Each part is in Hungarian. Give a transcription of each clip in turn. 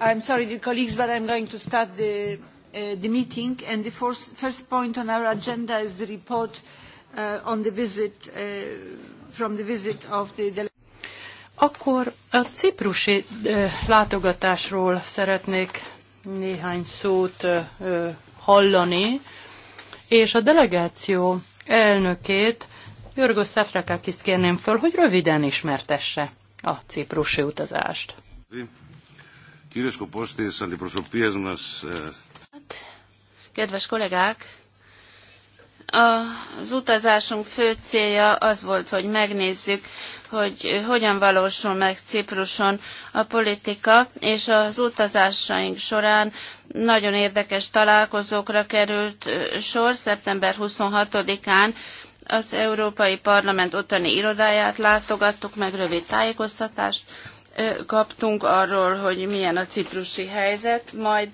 I'm sorry, colleagues, but I'm going to start the, uh, meeting. And the first, point on our agenda is the report uh, on the visit, uh, from the visit of the Akkor a ciprusi látogatásról szeretnék néhány szót hallani, és a delegáció elnökét, Jörgos Szefrakakiszt kérném föl, hogy röviden ismertesse a ciprusi utazást. Hát, kedves kollégák, az utazásunk fő célja az volt, hogy megnézzük, hogy hogyan valósul meg Cipruson a politika, és az utazásaink során nagyon érdekes találkozókra került sor szeptember 26-án, az Európai Parlament ottani irodáját látogattuk, meg rövid tájékoztatást kaptunk arról, hogy milyen a ciprusi helyzet, majd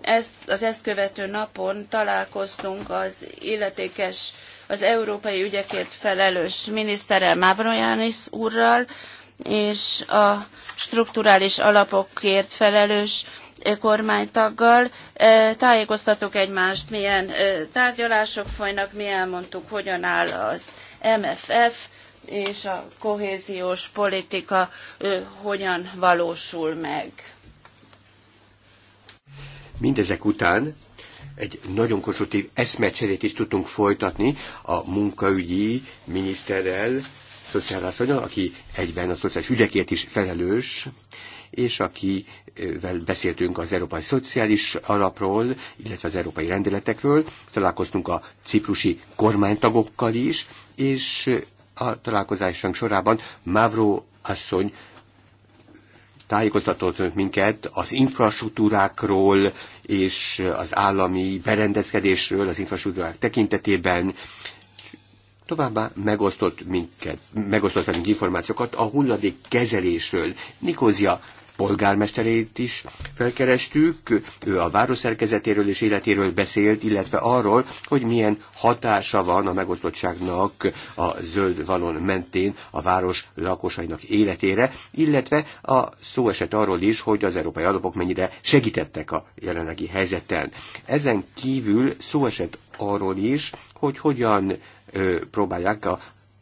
ezt, az ezt követő napon találkoztunk az illetékes, az európai ügyekért felelős miniszterrel Mavroyanis úrral, és a strukturális alapokért felelős kormánytaggal. Tájékoztatok egymást, milyen tárgyalások folynak, mi elmondtuk, hogyan áll az MFF, és a kohéziós politika hogyan valósul meg. Mindezek után egy nagyon konstruktív eszmecserét is tudtunk folytatni a munkaügyi miniszterrel, szociálászonyal, aki egyben a szociális ügyekért is felelős, és akivel beszéltünk az Európai Szociális Alapról, illetve az Európai Rendeletekről, találkoztunk a ciprusi kormánytagokkal is, és a találkozásunk sorában Mavro asszony tájékoztatott minket az infrastruktúrákról és az állami berendezkedésről az infrastruktúrák tekintetében, Továbbá megosztott minket, megosztott minket információkat a hulladék kezelésről. Nikózia, polgármesterét is felkerestük, ő a város szerkezetéről és életéről beszélt, illetve arról, hogy milyen hatása van a megosztottságnak a zöld valon mentén a város lakosainak életére, illetve a szó esett arról is, hogy az európai alapok mennyire segítettek a jelenlegi helyzeten. Ezen kívül szó esett arról is, hogy hogyan ö, próbálják a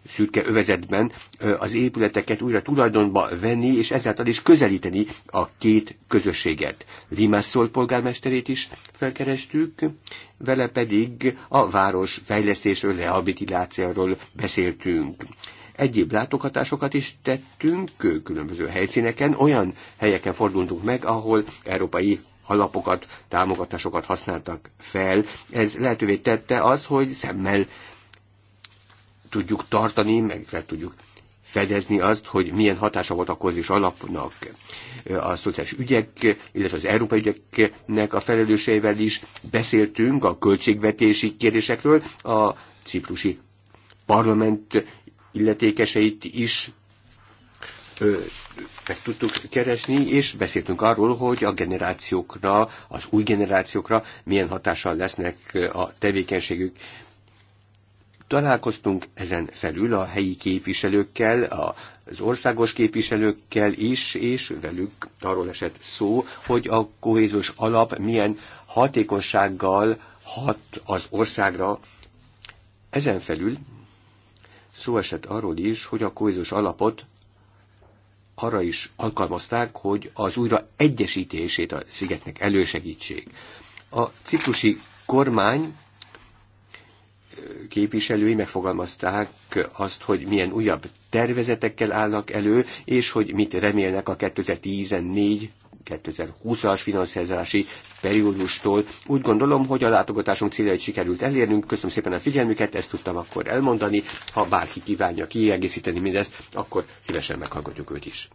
szürke övezetben az épületeket újra tulajdonba venni, és ezáltal is közelíteni a két közösséget. Limassol polgármesterét is felkerestük, vele pedig a város fejlesztésről, rehabilitációról beszéltünk egyéb látogatásokat is tettünk különböző helyszíneken, olyan helyeken fordultunk meg, ahol európai alapokat, támogatásokat használtak fel. Ez lehetővé tette az, hogy szemmel tudjuk tartani, meg fel tudjuk fedezni azt, hogy milyen hatása volt a kozis alapnak a szociális ügyek, illetve az európai ügyeknek a felelőseivel is beszéltünk a költségvetési kérdésekről, a ciprusi parlament illetékeseit is ö, meg tudtuk keresni, és beszéltünk arról, hogy a generációkra, az új generációkra milyen hatással lesznek a tevékenységük, Találkoztunk ezen felül a helyi képviselőkkel, a az országos képviselőkkel is, és velük arról esett szó, hogy a kohézus alap milyen hatékonysággal hat az országra. Ezen felül szó esett arról is, hogy a kohézus alapot arra is alkalmazták, hogy az újra egyesítését a szigetnek elősegítsék. A ciprusi kormány képviselői megfogalmazták azt, hogy milyen újabb tervezetekkel állnak elő, és hogy mit remélnek a 2014 2020-as finanszírozási periódustól. Úgy gondolom, hogy a látogatásunk céljait sikerült elérnünk. Köszönöm szépen a figyelmüket, ezt tudtam akkor elmondani. Ha bárki kívánja kiegészíteni mindezt, akkor szívesen meghallgatjuk őt is.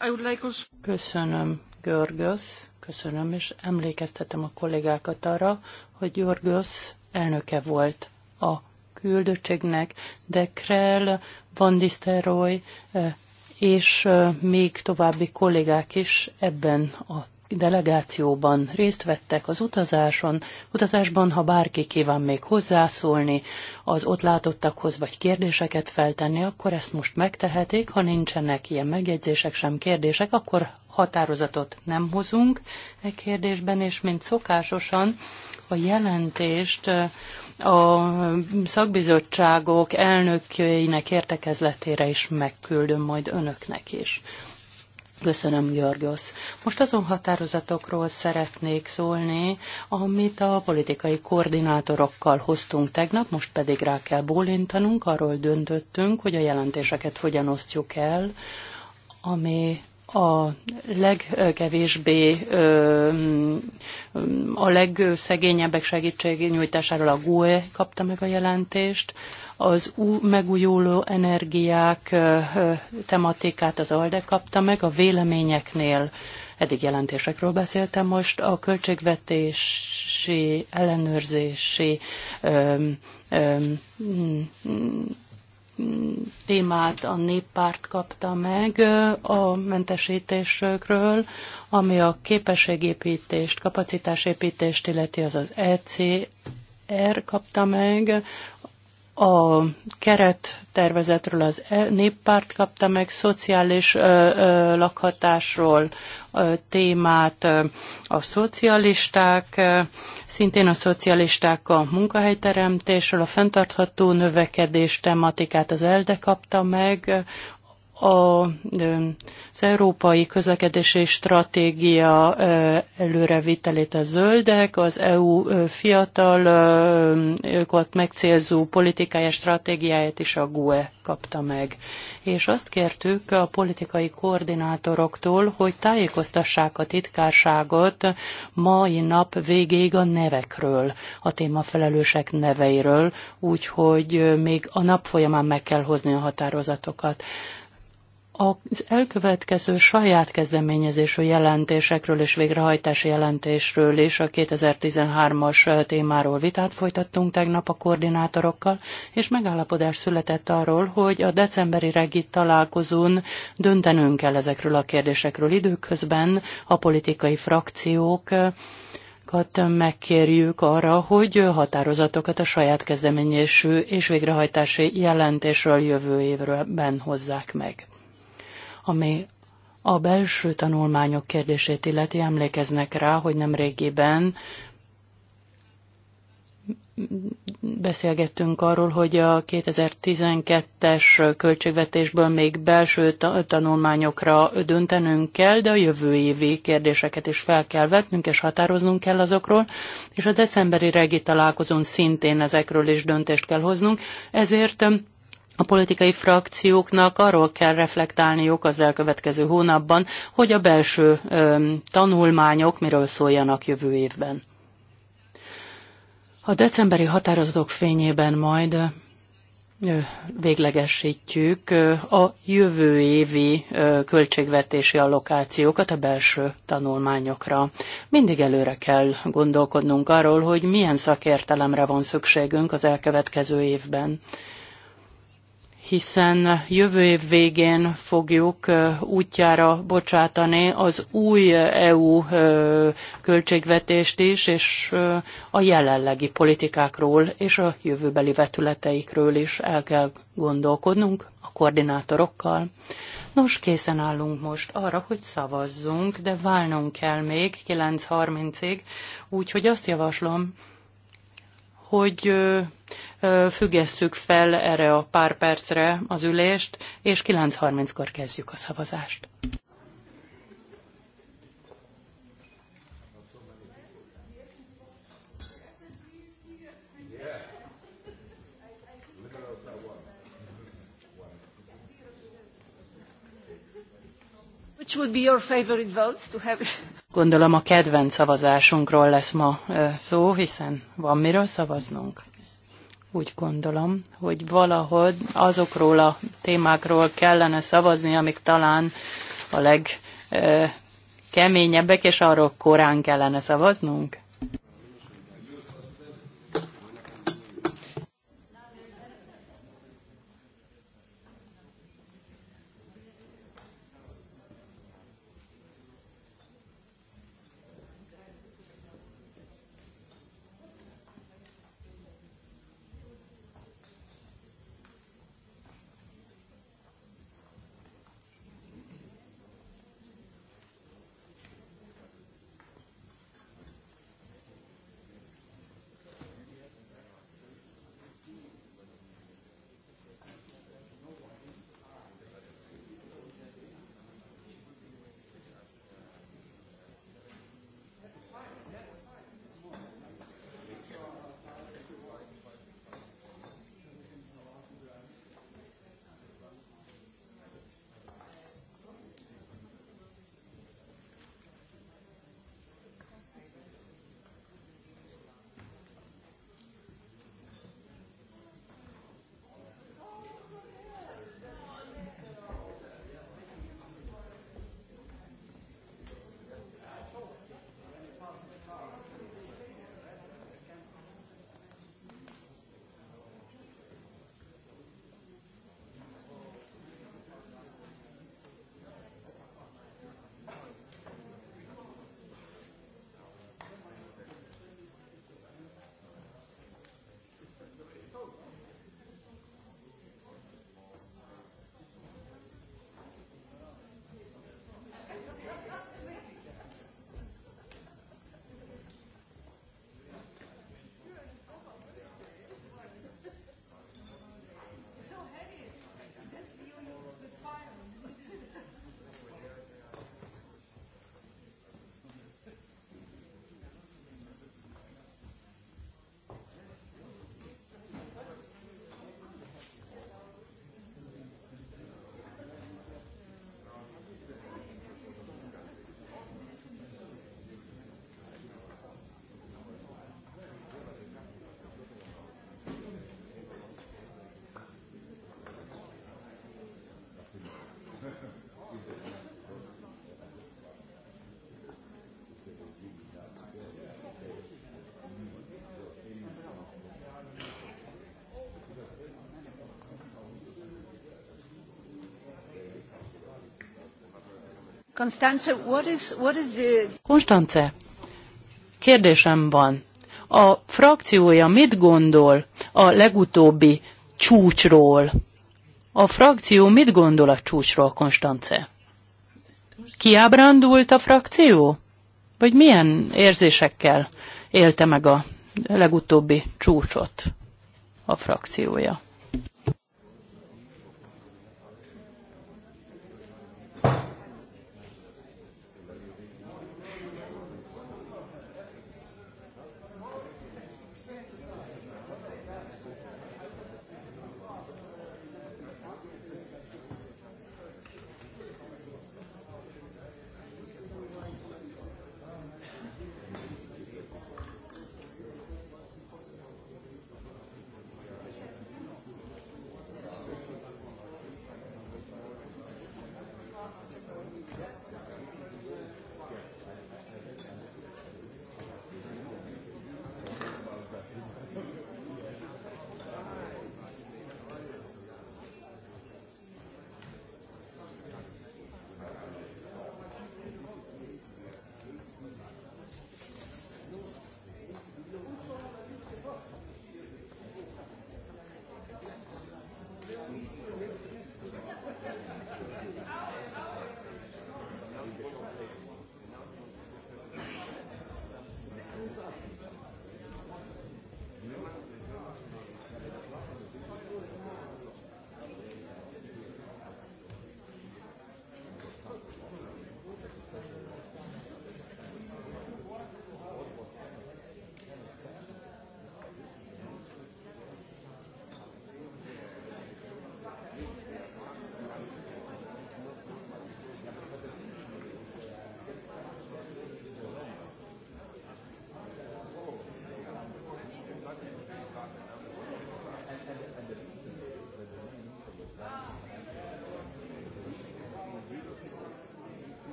Uh, Köszönöm, Görgös. Köszönöm, és emlékeztetem a kollégákat arra, hogy Jorgos elnöke volt a küldöttségnek, de Krell, Van Disteroy eh, és eh, még további kollégák is ebben a delegációban részt vettek az utazáson. Utazásban, ha bárki kíván még hozzászólni, az ott látottakhoz vagy kérdéseket feltenni, akkor ezt most megtehetik. Ha nincsenek ilyen megjegyzések, sem kérdések, akkor határozatot nem hozunk e kérdésben, és mint szokásosan a jelentést a szakbizottságok elnökeinek értekezletére is megküldöm majd önöknek is. Köszönöm, Györgyosz. Most azon határozatokról szeretnék szólni, amit a politikai koordinátorokkal hoztunk tegnap, most pedig rá kell bólintanunk, arról döntöttünk, hogy a jelentéseket hogyan osztjuk el, ami a legkevésbé, a legszegényebbek segítségnyújtásáról a GUE kapta meg a jelentést, az megújuló energiák tematikát az ALDE kapta meg, a véleményeknél eddig jelentésekről beszéltem most, a költségvetési ellenőrzési témát a néppárt kapta meg a mentesítésről, ami a képességépítést, kapacitásépítést illeti, az az ECR kapta meg a keret tervezetről az e- néppárt kapta meg, szociális ö, ö, lakhatásról ö, témát ö, a szocialisták, ö, szintén a szocialisták a munkahelyteremtésről, a fenntartható növekedés tematikát az ELDE kapta meg, az európai közlekedési stratégia előrevitelét a zöldek, az EU fiatalokat megcélzó politikája stratégiáját is a GUE kapta meg. És azt kértük a politikai koordinátoroktól, hogy tájékoztassák a titkárságot mai nap végéig a nevekről, a témafelelősek neveiről, úgyhogy még a nap folyamán meg kell hozni a határozatokat az elkövetkező saját kezdeményezésű jelentésekről és végrehajtási jelentésről és a 2013-as témáról vitát folytattunk tegnap a koordinátorokkal, és megállapodás született arról, hogy a decemberi regi találkozón döntenünk kell ezekről a kérdésekről. Időközben a politikai frakciók megkérjük arra, hogy határozatokat a saját kezdeményésű és végrehajtási jelentésről jövő évben hozzák meg. Ami a belső tanulmányok kérdését illeti, emlékeznek rá, hogy nem régiben beszélgettünk arról, hogy a 2012-es költségvetésből még belső tanulmányokra döntenünk kell, de a jövő évi kérdéseket is fel kell vetnünk, és határoznunk kell azokról, és a decemberi regi találkozón szintén ezekről is döntést kell hoznunk, ezért a politikai frakcióknak arról kell reflektálniuk az elkövetkező hónapban, hogy a belső ö, tanulmányok miről szóljanak jövő évben. A decemberi határozatok fényében majd véglegesítjük a jövő évi költségvetési allokációkat a belső tanulmányokra. Mindig előre kell gondolkodnunk arról, hogy milyen szakértelemre van szükségünk az elkövetkező évben hiszen jövő év végén fogjuk útjára bocsátani az új EU költségvetést is, és a jelenlegi politikákról és a jövőbeli vetületeikről is el kell gondolkodnunk a koordinátorokkal. Nos, készen állunk most arra, hogy szavazzunk, de válnunk kell még 9.30-ig, úgyhogy azt javaslom, hogy függesszük fel erre a pár percre az ülést, és 9.30-kor kezdjük a szavazást. Which would be your favorite votes to have? Gondolom a kedvenc szavazásunkról lesz ma szó, hiszen van miről szavaznunk úgy gondolom, hogy valahogy azokról a témákról kellene szavazni, amik talán a legkeményebbek, és arról korán kellene szavaznunk. Constance, what is, what is the... Konstance, kérdésem van. A frakciója mit gondol a legutóbbi csúcsról? A frakció mit gondol a csúcsról, Konstance? Kiábrándult a frakció? Vagy milyen érzésekkel élte meg a legutóbbi csúcsot a frakciója?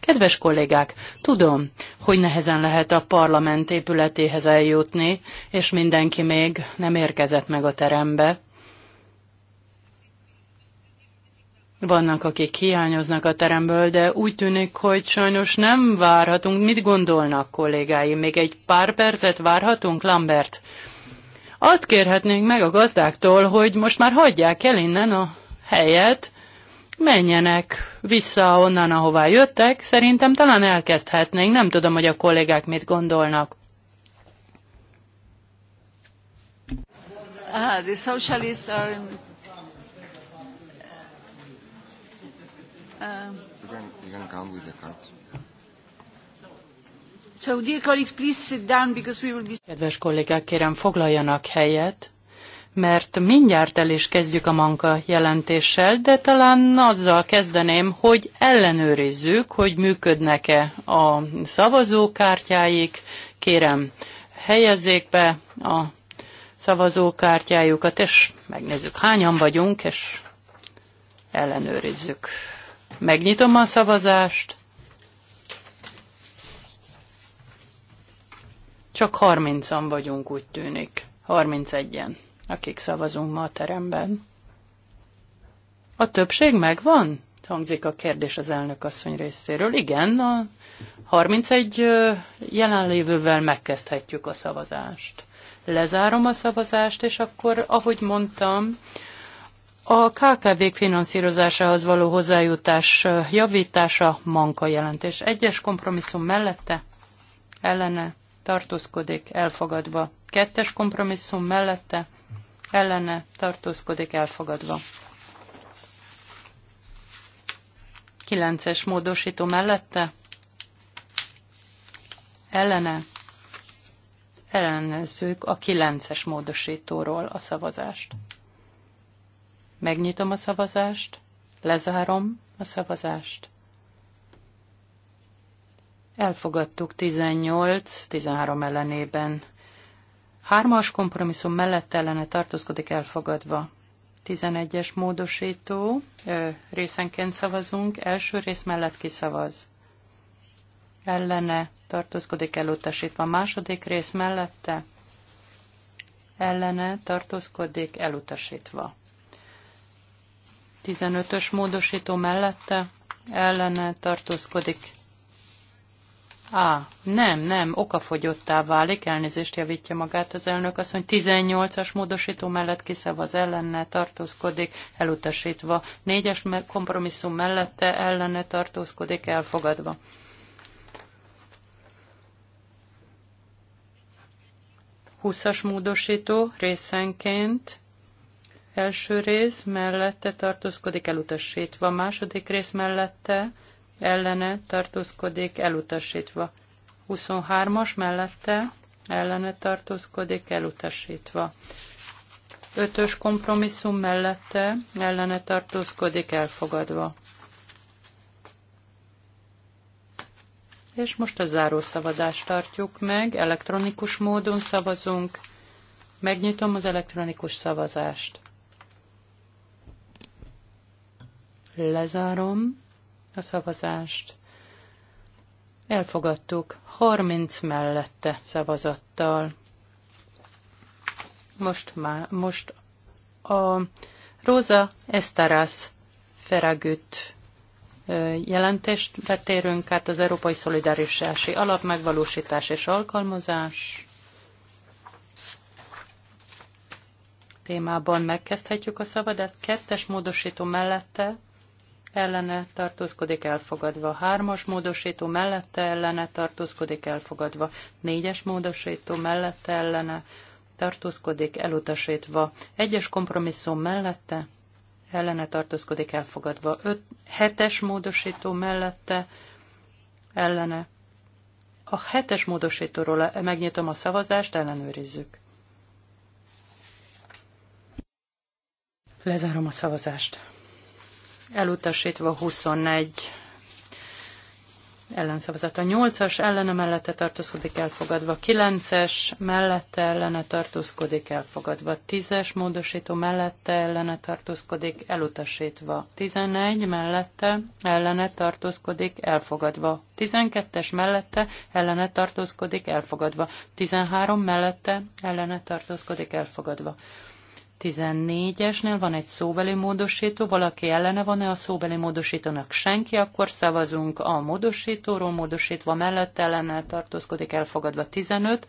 Kedves kollégák, tudom, hogy nehezen lehet a parlament épületéhez eljutni, és mindenki még nem érkezett meg a terembe. Vannak, akik hiányoznak a teremből, de úgy tűnik, hogy sajnos nem várhatunk. Mit gondolnak, kollégáim? Még egy pár percet várhatunk, Lambert? Azt kérhetnénk meg a gazdáktól, hogy most már hagyják el innen a helyet, menjenek vissza onnan, ahová jöttek, szerintem talán elkezdhetnénk, nem tudom, hogy a kollégák mit gondolnak. Ah, the socialists are in... Um, you, can, you can count with the cards. So, dear colleagues, please sit down because we will be... Kedves kollégák, kérem foglaljanak helyet mert mindjárt el is kezdjük a manka jelentéssel, de talán azzal kezdeném, hogy ellenőrizzük, hogy működnek-e a szavazókártyáik. Kérem, helyezzék be a szavazókártyájukat, és megnézzük, hányan vagyunk, és ellenőrizzük. Megnyitom a szavazást. Csak 30-an vagyunk, úgy tűnik. 31-en akik szavazunk ma a teremben. A többség megvan? Hangzik a kérdés az elnök asszony részéről. Igen, a 31 jelenlévővel megkezdhetjük a szavazást. Lezárom a szavazást, és akkor, ahogy mondtam, a kkv finanszírozásához való hozzájutás javítása manka jelentés. Egyes kompromisszum mellette, ellene, tartózkodik, elfogadva. Kettes kompromisszum mellette, ellene tartózkodik elfogadva. 9-es módosító mellette ellene ellenezzük a 9-es módosítóról a szavazást. Megnyitom a szavazást, lezárom a szavazást. Elfogadtuk 18-13 ellenében. Hármas kompromisszum mellett ellene tartózkodik elfogadva. 11-es módosító, részenként szavazunk, első rész mellett kiszavaz. Ellene tartózkodik elutasítva, második rész mellette ellene tartózkodik elutasítva. 15-ös módosító mellette ellene tartózkodik Á, nem, nem, okafogyottá válik, elnézést javítja magát az elnök mondja, 18-as módosító mellett kiszavaz ellenne, tartózkodik, elutasítva, 4-es kompromisszum mellette ellenne tartózkodik, elfogadva. Huszas módosító részenként első rész mellette tartózkodik elutasítva, második rész mellette ellene tartózkodik elutasítva. 23-as mellette ellene tartózkodik elutasítva. 5-ös kompromisszum mellette ellene tartózkodik elfogadva. És most a záró szavazást tartjuk meg, elektronikus módon szavazunk. Megnyitom az elektronikus szavazást. Lezárom a szavazást. Elfogadtuk 30 mellette szavazattal. Most, már, most a Rosa Estaras Feragüt jelentést betérünk át az Európai Szolidaritási Alap megvalósítás és alkalmazás témában megkezdhetjük a szabadát. Kettes módosító mellette ellene tartózkodik elfogadva. Hármas módosító mellette ellene tartózkodik elfogadva. Négyes módosító mellette ellene tartózkodik elutasítva. Egyes kompromisszum mellette ellene tartózkodik elfogadva. Öt, hetes módosító mellette ellene. A hetes módosítóról megnyitom a szavazást, ellenőrizzük. Lezárom a szavazást elutasítva 21 ellenszavazat. A 8-as ellene mellette tartózkodik elfogadva, 9-es mellette ellene tartózkodik elfogadva, 10-es módosító mellette ellene tartózkodik elutasítva, 11 mellette ellene tartózkodik elfogadva, 12-es mellette ellene tartózkodik elfogadva, 13 mellette ellene tartózkodik elfogadva. 14-esnél van egy szóbeli módosító, valaki ellene van-e a szóbeli módosítónak senki, akkor szavazunk a módosítóról, módosítva mellett ellene tartózkodik elfogadva 15,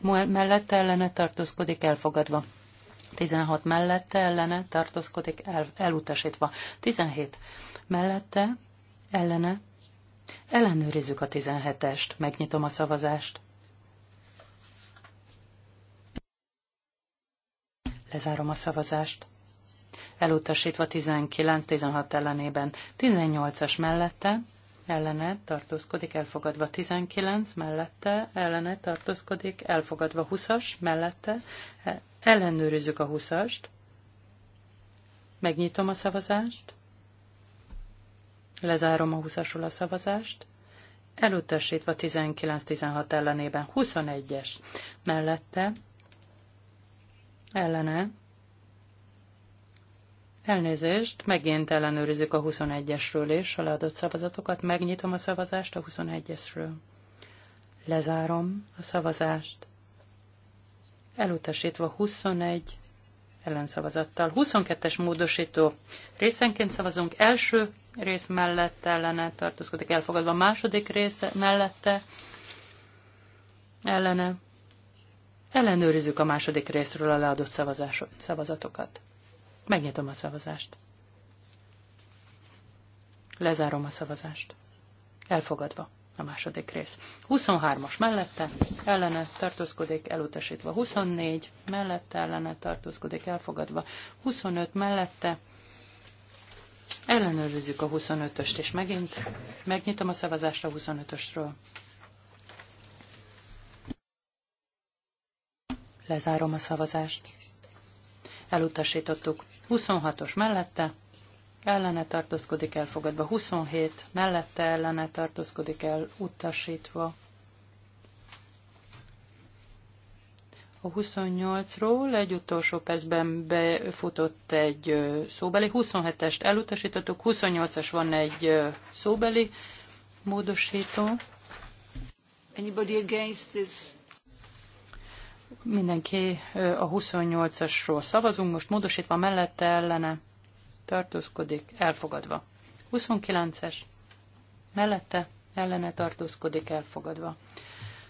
mellette ellene tartózkodik elfogadva. 16 mellette ellene tartózkodik el, elutasítva. 17 mellette ellene ellenőrizzük a 17-est, megnyitom a szavazást. Lezárom a szavazást. Elutasítva 19-16 ellenében. 18-as mellette ellene tartózkodik, elfogadva 19, mellette ellene tartózkodik, elfogadva 20-as, mellette e, ellenőrizzük a 20-ast. Megnyitom a szavazást. Lezárom a 20-asról a szavazást. Elutasítva 19-16 ellenében 21-es, mellette ellene. Elnézést, megint ellenőrizzük a 21-esről és a leadott szavazatokat. Megnyitom a szavazást a 21-esről. Lezárom a szavazást. Elutasítva 21 ellenszavazattal. 22-es módosító. Részenként szavazunk. Első rész mellett ellene tartózkodik elfogadva. Második rész mellette ellene Ellenőrizzük a második részről a leadott szavazatokat. Megnyitom a szavazást. Lezárom a szavazást. Elfogadva a második rész. 23-as mellette, ellene tartózkodik, elutasítva. 24 mellette, ellene tartózkodik, elfogadva. 25 mellette, ellenőrizzük a 25-öst, és megint megnyitom a szavazást a 25-ösről. Lezárom a szavazást. Elutasítottuk. 26-os mellette, ellene tartózkodik elfogadva. 27 mellette ellene tartózkodik utasítva. A 28-ról egy utolsó percben befutott egy szóbeli, 27-est elutasítottuk, 28-as van egy szóbeli módosító. Anybody against this Mindenki a 28-asról szavazunk, most módosítva mellette ellene tartózkodik, elfogadva. 29-es mellette ellene tartózkodik, elfogadva.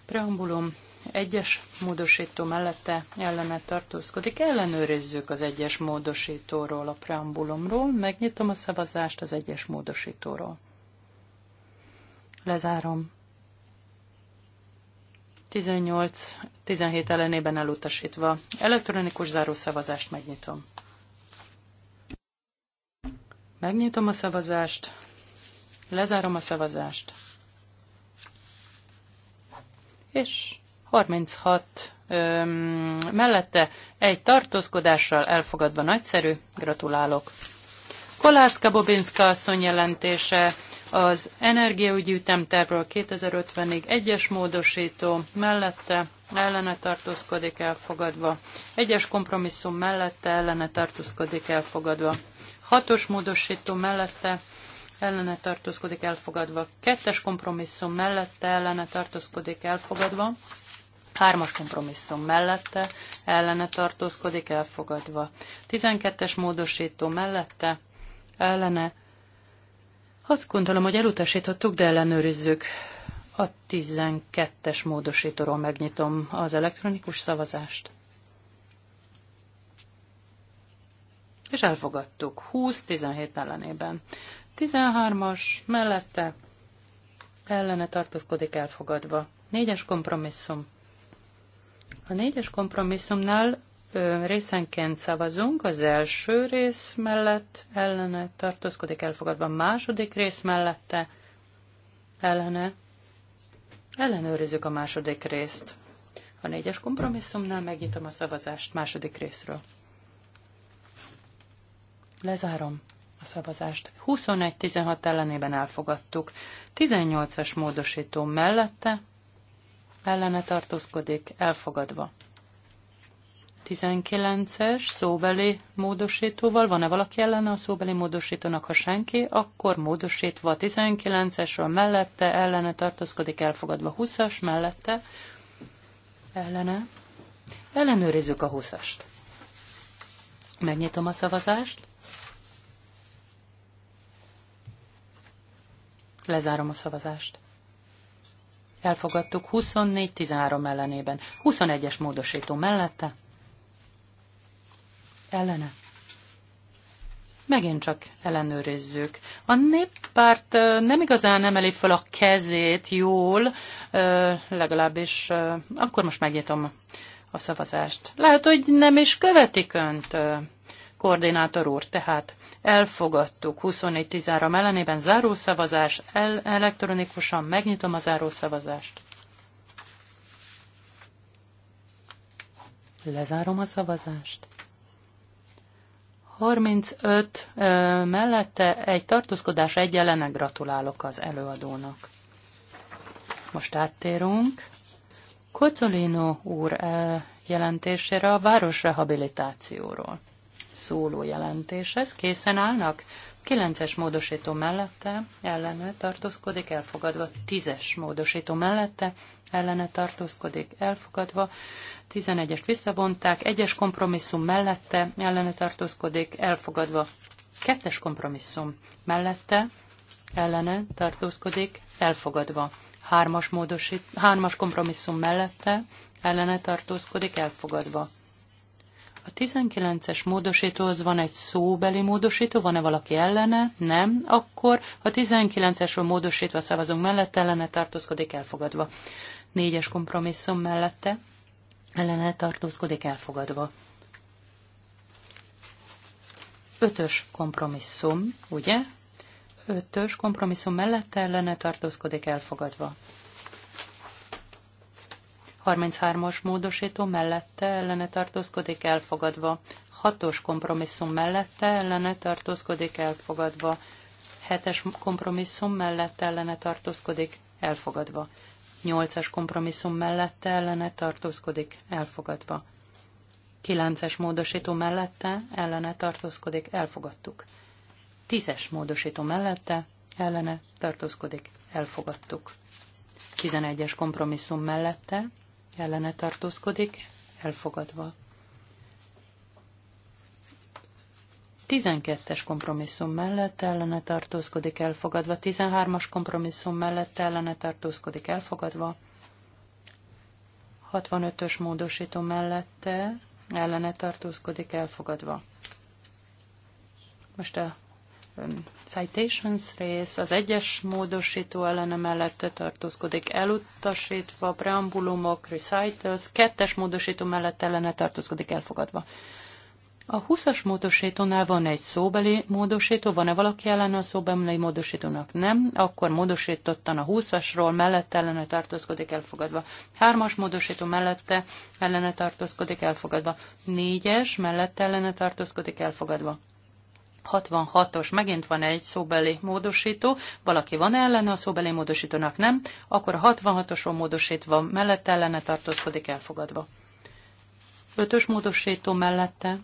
Preambulum egyes módosító mellette ellene tartózkodik. Ellenőrizzük az egyes módosítóról, a preambulumról. Megnyitom a szavazást az egyes módosítóról. Lezárom. 18, 17 ellenében elutasítva. Elektronikus zárószavazást megnyitom. Megnyitom a szavazást, lezárom a szavazást, és 36 öm, mellette egy tartózkodással elfogadva nagyszerű, gratulálok. Kolárszka Bobinska asszony jelentése az energiaügyi ütemtervről 2050-ig egyes módosító mellette ellene tartózkodik elfogadva, egyes kompromisszum mellette ellene tartózkodik elfogadva, hatos módosító mellette ellene tartózkodik elfogadva, kettes kompromisszum mellette ellene tartózkodik elfogadva, hármas kompromisszum mellette ellene tartózkodik elfogadva, tizenkettes módosító mellette ellene azt gondolom, hogy elutasítottuk, de ellenőrizzük. A 12-es módosítóról megnyitom az elektronikus szavazást. És elfogadtuk. 20-17 ellenében. 13-as mellette ellene tartózkodik elfogadva. 4-es kompromisszum. A 4-es kompromisszumnál részenként szavazunk, az első rész mellett ellene tartózkodik elfogadva, második rész mellette ellene. Ellenőrizzük a második részt. A négyes kompromisszumnál megnyitom a szavazást második részről. Lezárom a szavazást. 21-16 ellenében elfogadtuk. 18-as módosító mellette ellene tartózkodik, elfogadva. 19-es szóbeli módosítóval. Van-e valaki ellene a szóbeli módosítónak? Ha senki, akkor módosítva a 19-esről mellette, ellene tartózkodik, elfogadva 20-as, mellette, ellene. Ellenőrizzük a 20-ast. Megnyitom a szavazást. Lezárom a szavazást. Elfogadtuk 24-13 ellenében. 21-es módosító mellette, ellene. Megint csak ellenőrizzük. A néppárt nem igazán emeli fel a kezét jól, legalábbis akkor most megnyitom a szavazást. Lehet, hogy nem is követik önt, koordinátor úr, tehát elfogadtuk 24-13 ellenében zárószavazás, el- elektronikusan megnyitom a zárószavazást. Lezárom a szavazást. 35 ö, mellette egy tartózkodás egy ellene gratulálok az előadónak. Most áttérünk. Kocolino úr ö, jelentésére a városrehabilitációról szóló jelentéshez. Készen állnak? 9-es módosító mellette ellene tartózkodik, elfogadva. 10-es módosító mellette ellene tartózkodik, elfogadva. 11-est visszavonták, 1-es kompromisszum mellette ellene tartózkodik, elfogadva. 2-es kompromisszum mellette ellene tartózkodik, elfogadva. 3-as, módosít, 3 kompromisszum mellette ellene tartózkodik, elfogadva. A 19-es módosítóhoz van egy szóbeli módosító, van-e valaki ellene? Nem. Akkor a 19-esről módosítva szavazunk mellett, ellene tartózkodik elfogadva. Négyes kompromisszum mellette, ellene tartózkodik elfogadva. Ötös kompromisszum, ugye? Ötös kompromisszum mellette ellene tartózkodik elfogadva. 33-as módosító mellette ellene tartózkodik elfogadva. 6-os kompromisszum mellette ellene tartózkodik elfogadva. 7-es kompromisszum mellette ellene tartózkodik elfogadva. 8-as kompromisszum mellette ellene tartózkodik elfogadva. 9-es módosító mellette ellene tartózkodik elfogadtuk. 10-es módosító mellette ellene tartózkodik elfogadtuk. 11-es kompromisszum mellette ellene tartózkodik, elfogadva. 12-es kompromisszum mellett ellene tartózkodik, elfogadva. 13-as kompromisszum mellett ellene tartózkodik, elfogadva. 65-ös módosító mellette ellene tartózkodik, elfogadva. Most a citations rész, az egyes módosító ellene mellette tartózkodik elutasítva, preambulumok, recitals, kettes módosító mellett ellene tartózkodik elfogadva. A 20-as módosítónál van egy szóbeli módosító, van-e valaki ellen a szóbeli módosítónak? Nem, akkor módosítottan a 20-asról mellett ellene tartózkodik elfogadva. 3-as módosító mellette ellene tartózkodik elfogadva. 4-es mellette ellene tartózkodik elfogadva. 66-os, megint van egy szóbeli módosító, valaki van ellene a szóbeli módosítónak nem, akkor a 66-oson módosítva mellett ellene tartózkodik elfogadva. 5-ös módosító mellette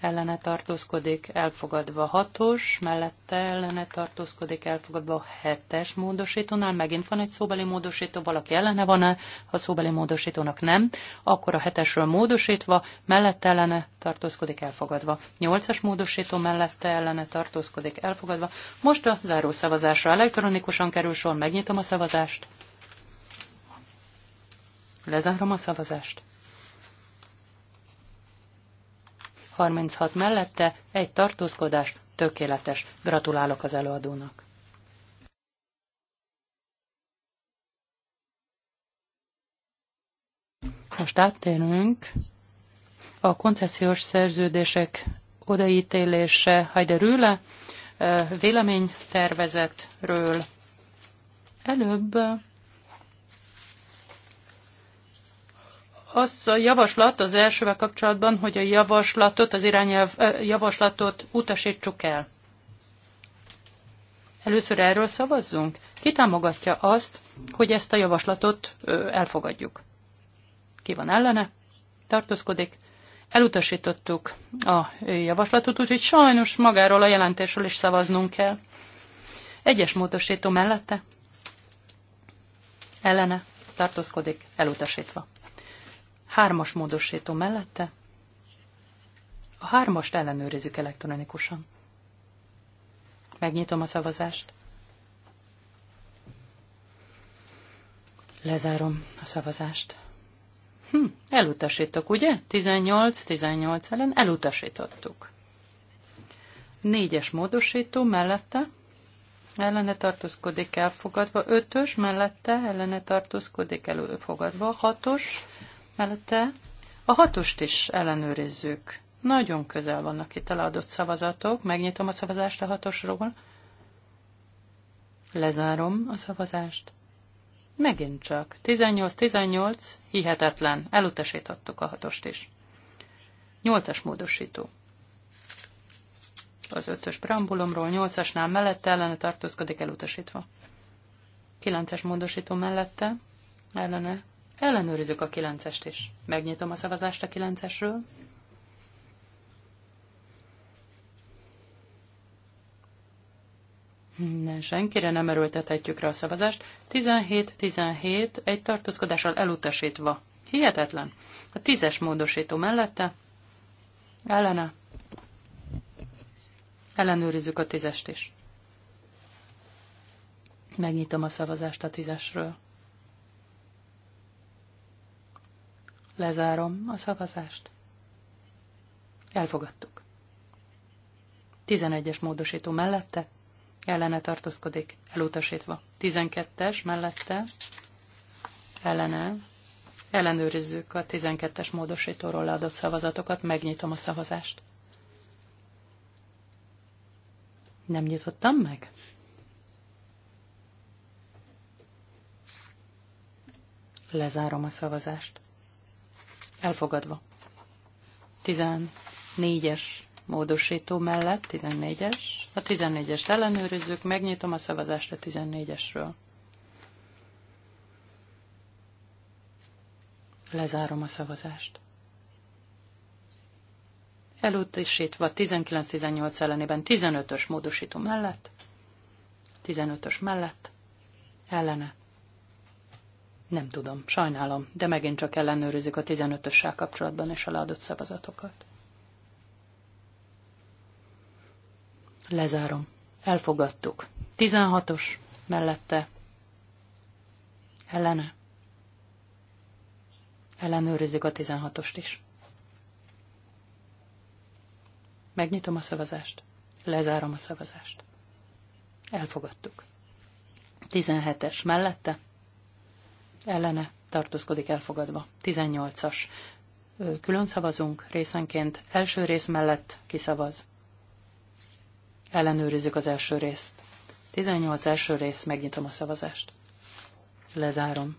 ellene tartózkodik, elfogadva hatos, mellette ellene tartózkodik, elfogadva hetes módosítónál, megint van egy szóbeli módosító, valaki ellene van-e, ha szóbeli módosítónak nem, akkor a hetesről módosítva, mellette ellene tartózkodik, elfogadva. Nyolcas módosító mellette ellene tartózkodik, elfogadva. Most a záró szavazásra elektronikusan kerül sor, megnyitom a szavazást. Lezárom a szavazást. 36 mellette, egy tartózkodás, tökéletes. Gratulálok az előadónak. Most áttérünk a koncepciós szerződések odaítélése Heide Rühle véleménytervezetről. Előbb az a javaslat az elsővel kapcsolatban, hogy a javaslatot, az irányelv javaslatot utasítsuk el. Először erről szavazzunk? Ki támogatja azt, hogy ezt a javaslatot elfogadjuk? Ki van ellene? Tartózkodik? Elutasítottuk a javaslatot, úgyhogy sajnos magáról a jelentésről is szavaznunk kell. Egyes módosító mellette? Ellene? Tartózkodik? Elutasítva. Hármas módosító mellette. A hármast ellenőrizzük elektronikusan. Megnyitom a szavazást. Lezárom a szavazást. Hm, elutasítok, ugye? 18-18 ellen elutasítottuk. Négyes módosító mellette ellene tartózkodik elfogadva, ötös mellette ellene tartózkodik elfogadva, hatos mellette. A hatost is ellenőrizzük. Nagyon közel vannak itt eladott szavazatok. Megnyitom a szavazást a hatosról. Lezárom a szavazást. Megint csak. 18-18, hihetetlen. Elutasítottuk a hatost is. Nyolcas módosító. Az ötös preambulumról nyolcasnál mellette ellene tartózkodik elutasítva. Kilences módosító mellette ellene Ellenőrizzük a kilencest is. Megnyitom a szavazást a kilencesről. Ne, senkire nem erőltethetjük rá a szavazást. 17-17 egy tartózkodással elutasítva. Hihetetlen. A tízes módosító mellette. Ellene. Ellenőrizzük a tízest is. Megnyitom a szavazást a tízesről. Lezárom a szavazást. Elfogadtuk. 11-es módosító mellette ellene tartózkodik, elutasítva. 12-es mellette ellene ellenőrizzük a 12-es módosítóról leadott szavazatokat, megnyitom a szavazást. Nem nyitottam meg? Lezárom a szavazást. Elfogadva. 14-es módosító mellett, 14-es. A 14-est ellenőrizzük, megnyitom a szavazást a 14-esről. Lezárom a szavazást. Elutasítva 19-18 ellenében 15-ös módosító mellett, 15-ös mellett, ellene nem tudom, sajnálom, de megint csak ellenőrizik a 15-össel kapcsolatban és a leadott szavazatokat. Lezárom. Elfogadtuk. 16-os mellette. Ellene. Ellenőrizik a 16-ost is. Megnyitom a szavazást. Lezárom a szavazást. Elfogadtuk. 17-es mellette ellene tartózkodik elfogadva. 18-as. Külön szavazunk részenként. Első rész mellett kiszavaz. Ellenőrizzük az első részt. 18 első rész, megnyitom a szavazást. Lezárom.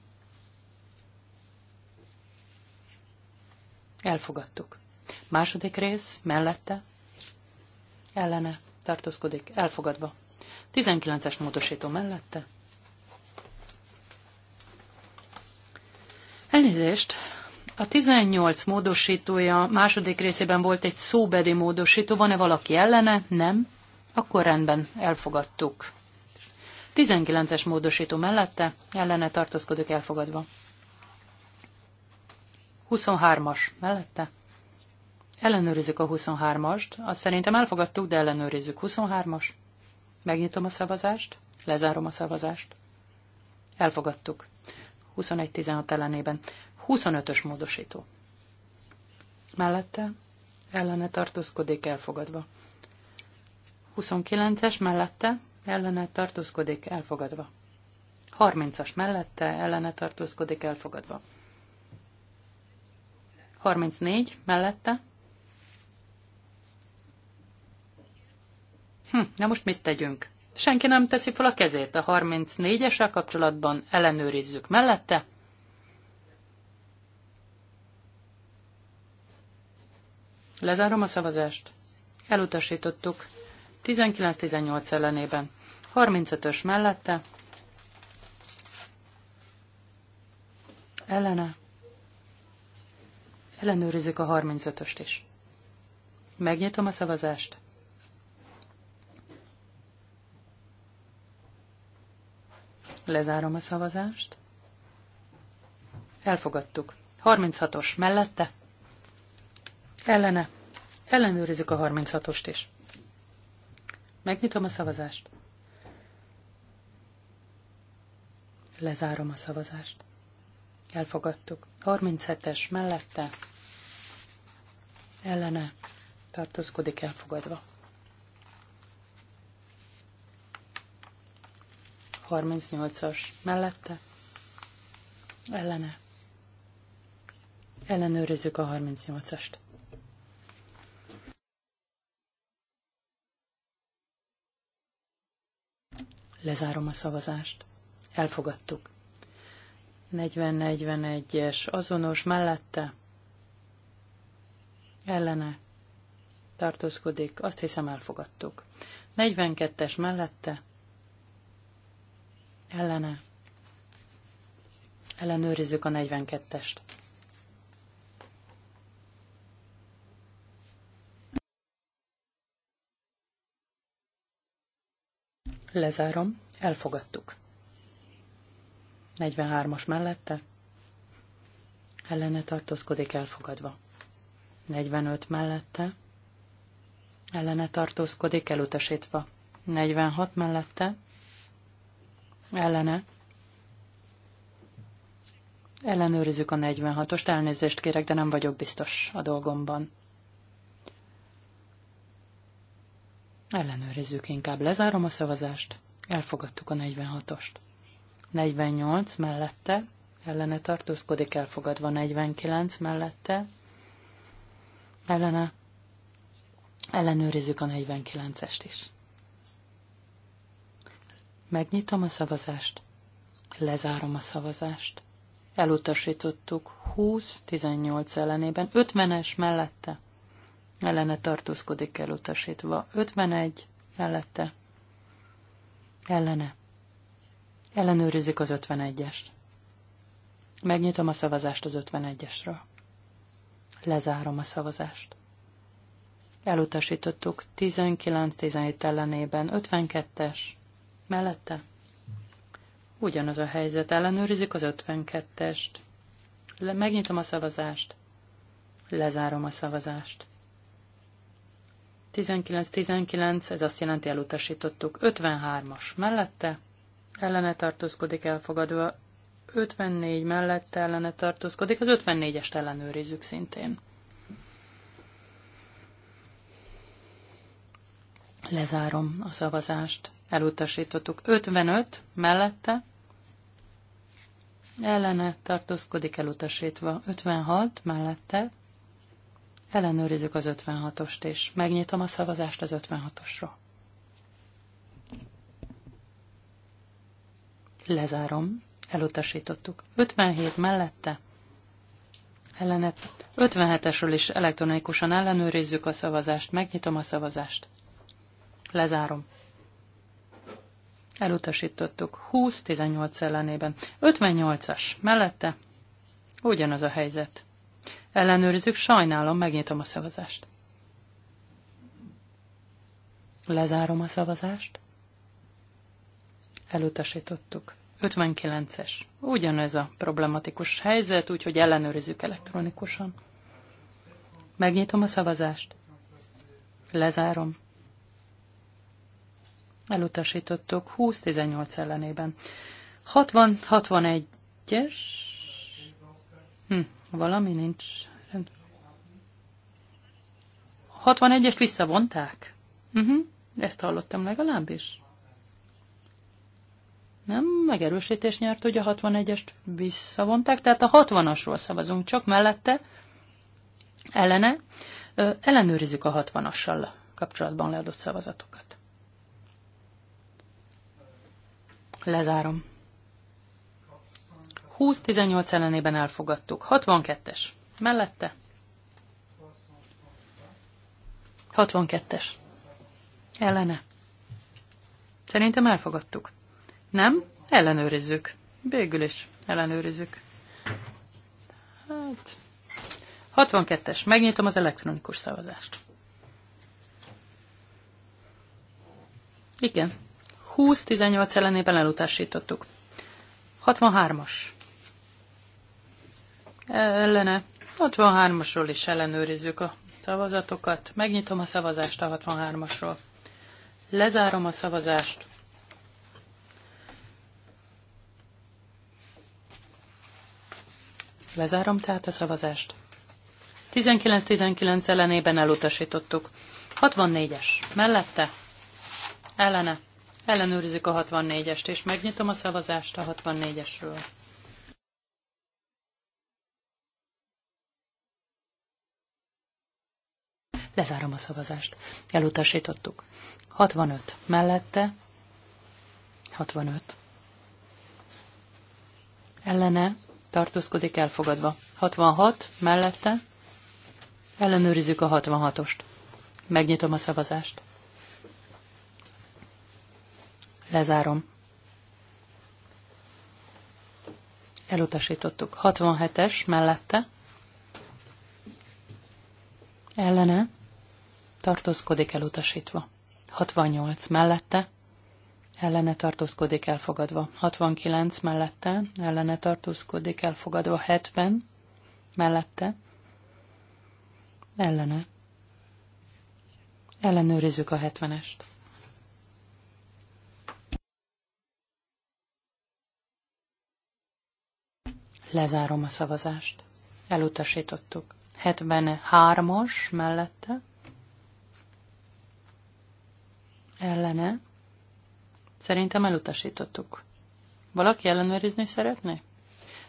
Elfogadtuk. Második rész, mellette, ellene, tartózkodik, elfogadva. 19-es módosító mellette, Elnézést, a 18 módosítója második részében volt egy szóbeli módosító, van-e valaki ellene? Nem? Akkor rendben, elfogadtuk. 19-es módosító mellette, ellene tartózkodik elfogadva. 23-as mellette. Ellenőrizzük a 23-ast. Azt szerintem elfogadtuk, de ellenőrizzük. 23-as. Megnyitom a szavazást, lezárom a szavazást. Elfogadtuk. 21-16 ellenében. 25-ös módosító. Mellette ellene tartózkodik elfogadva. 29-es mellette ellene tartózkodik elfogadva. 30-as mellette ellene tartózkodik elfogadva. 34 mellette. Hm, na most mit tegyünk? Senki nem teszi fel a kezét. A 34-esel kapcsolatban ellenőrizzük mellette. Lezárom a szavazást. Elutasítottuk. 19-18 ellenében. 35-ös mellette. Ellene. Ellenőrizzük a 35-öst is. Megnyitom a szavazást. Lezárom a szavazást. Elfogadtuk. 36-os mellette. Ellene. Ellenőrizzük a 36-ost is. Megnyitom a szavazást. Lezárom a szavazást. Elfogadtuk. 37-es mellette. Ellene. Tartózkodik elfogadva. 38-as mellette, ellene. Ellenőrizzük a 38-ast. Lezárom a szavazást. Elfogadtuk. 40-41-es azonos mellette, ellene tartózkodik, azt hiszem elfogadtuk. 42-es mellette, Ellene. Ellenőrizzük a 42-est. Lezárom, elfogadtuk. 43-as mellette. Ellene tartózkodik elfogadva. 45 mellette. Ellene tartózkodik elutasítva. 46 mellette. Ellene. Ellenőrizzük a 46-ost, elnézést kérek, de nem vagyok biztos a dolgomban. Ellenőrizzük inkább, lezárom a szavazást. Elfogadtuk a 46-ost. 48 mellette, ellene tartózkodik, elfogadva 49 mellette, ellene. Ellenőrizzük a 49-est is. Megnyitom a szavazást. Lezárom a szavazást. Elutasítottuk 20-18 ellenében, 50-es mellette. Ellene tartózkodik elutasítva. 51 mellette. Ellene. Ellenőrizik az 51-est. Megnyitom a szavazást az 51-esről. Lezárom a szavazást. Elutasítottuk 19-17 ellenében 52-es mellette. Ugyanaz a helyzet, ellenőrizik az 52-est. Le, megnyitom a szavazást. Lezárom a szavazást. 19-19, ez azt jelenti elutasítottuk. 53-as mellette, ellene tartózkodik elfogadva. 54 mellette ellene tartózkodik, az 54-est ellenőrizzük szintén. Lezárom a szavazást elutasítottuk. 55 mellette ellene tartózkodik elutasítva. 56 mellette ellenőrizzük az 56-ost, és megnyitom a szavazást az 56 osra Lezárom. Elutasítottuk. 57 mellette ellenet. 57-esről is elektronikusan ellenőrizzük a szavazást. Megnyitom a szavazást. Lezárom. Elutasítottuk 20-18 ellenében. 58-as mellette ugyanaz a helyzet. Ellenőrizzük, sajnálom, megnyitom a szavazást. Lezárom a szavazást. Elutasítottuk. 59-es. Ugyanez a problematikus helyzet, úgyhogy ellenőrizzük elektronikusan. Megnyitom a szavazást. Lezárom. Elutasítottuk 20-18 ellenében. 60-61-es. Hm, valami nincs. 61-est visszavonták? Uh-huh, ezt hallottam legalábbis. Nem, megerősítés nyert, hogy a 61-est visszavonták, tehát a 60-asról szavazunk, csak mellette, ellene, ellenőrizzük a 60-assal kapcsolatban leadott szavazatokat. Lezárom. 20-18 ellenében elfogadtuk. 62-es. Mellette. 62-es. Ellene. Szerintem elfogadtuk. Nem? Ellenőrizzük. Végül is ellenőrizzük. Hát... 62-es. Megnyitom az elektronikus szavazást. Igen, 20-18 ellenében elutasítottuk. 63-as. Ellene. 63-asról is ellenőrizzük a szavazatokat. Megnyitom a szavazást a 63-asról. Lezárom a szavazást. Lezárom tehát a szavazást. 19-19 ellenében elutasítottuk. 64-es. Mellette? Ellene. Ellenőrizzük a 64-est, és megnyitom a szavazást a 64-esről. Lezárom a szavazást. Elutasítottuk. 65. Mellette 65. Ellene tartózkodik elfogadva. 66. Mellette ellenőrizzük a 66-ost. Megnyitom a szavazást. Lezárom. Elutasítottuk. 67-es mellette. Ellene. Tartózkodik elutasítva. 68 mellette. Ellene tartózkodik elfogadva. 69 mellette. Ellene tartózkodik elfogadva. 70 mellette. Ellene. Ellenőrizzük a 70-est. Lezárom a szavazást. Elutasítottuk. 73-as mellette. Ellene. Szerintem elutasítottuk. Valaki ellenőrizni szeretné?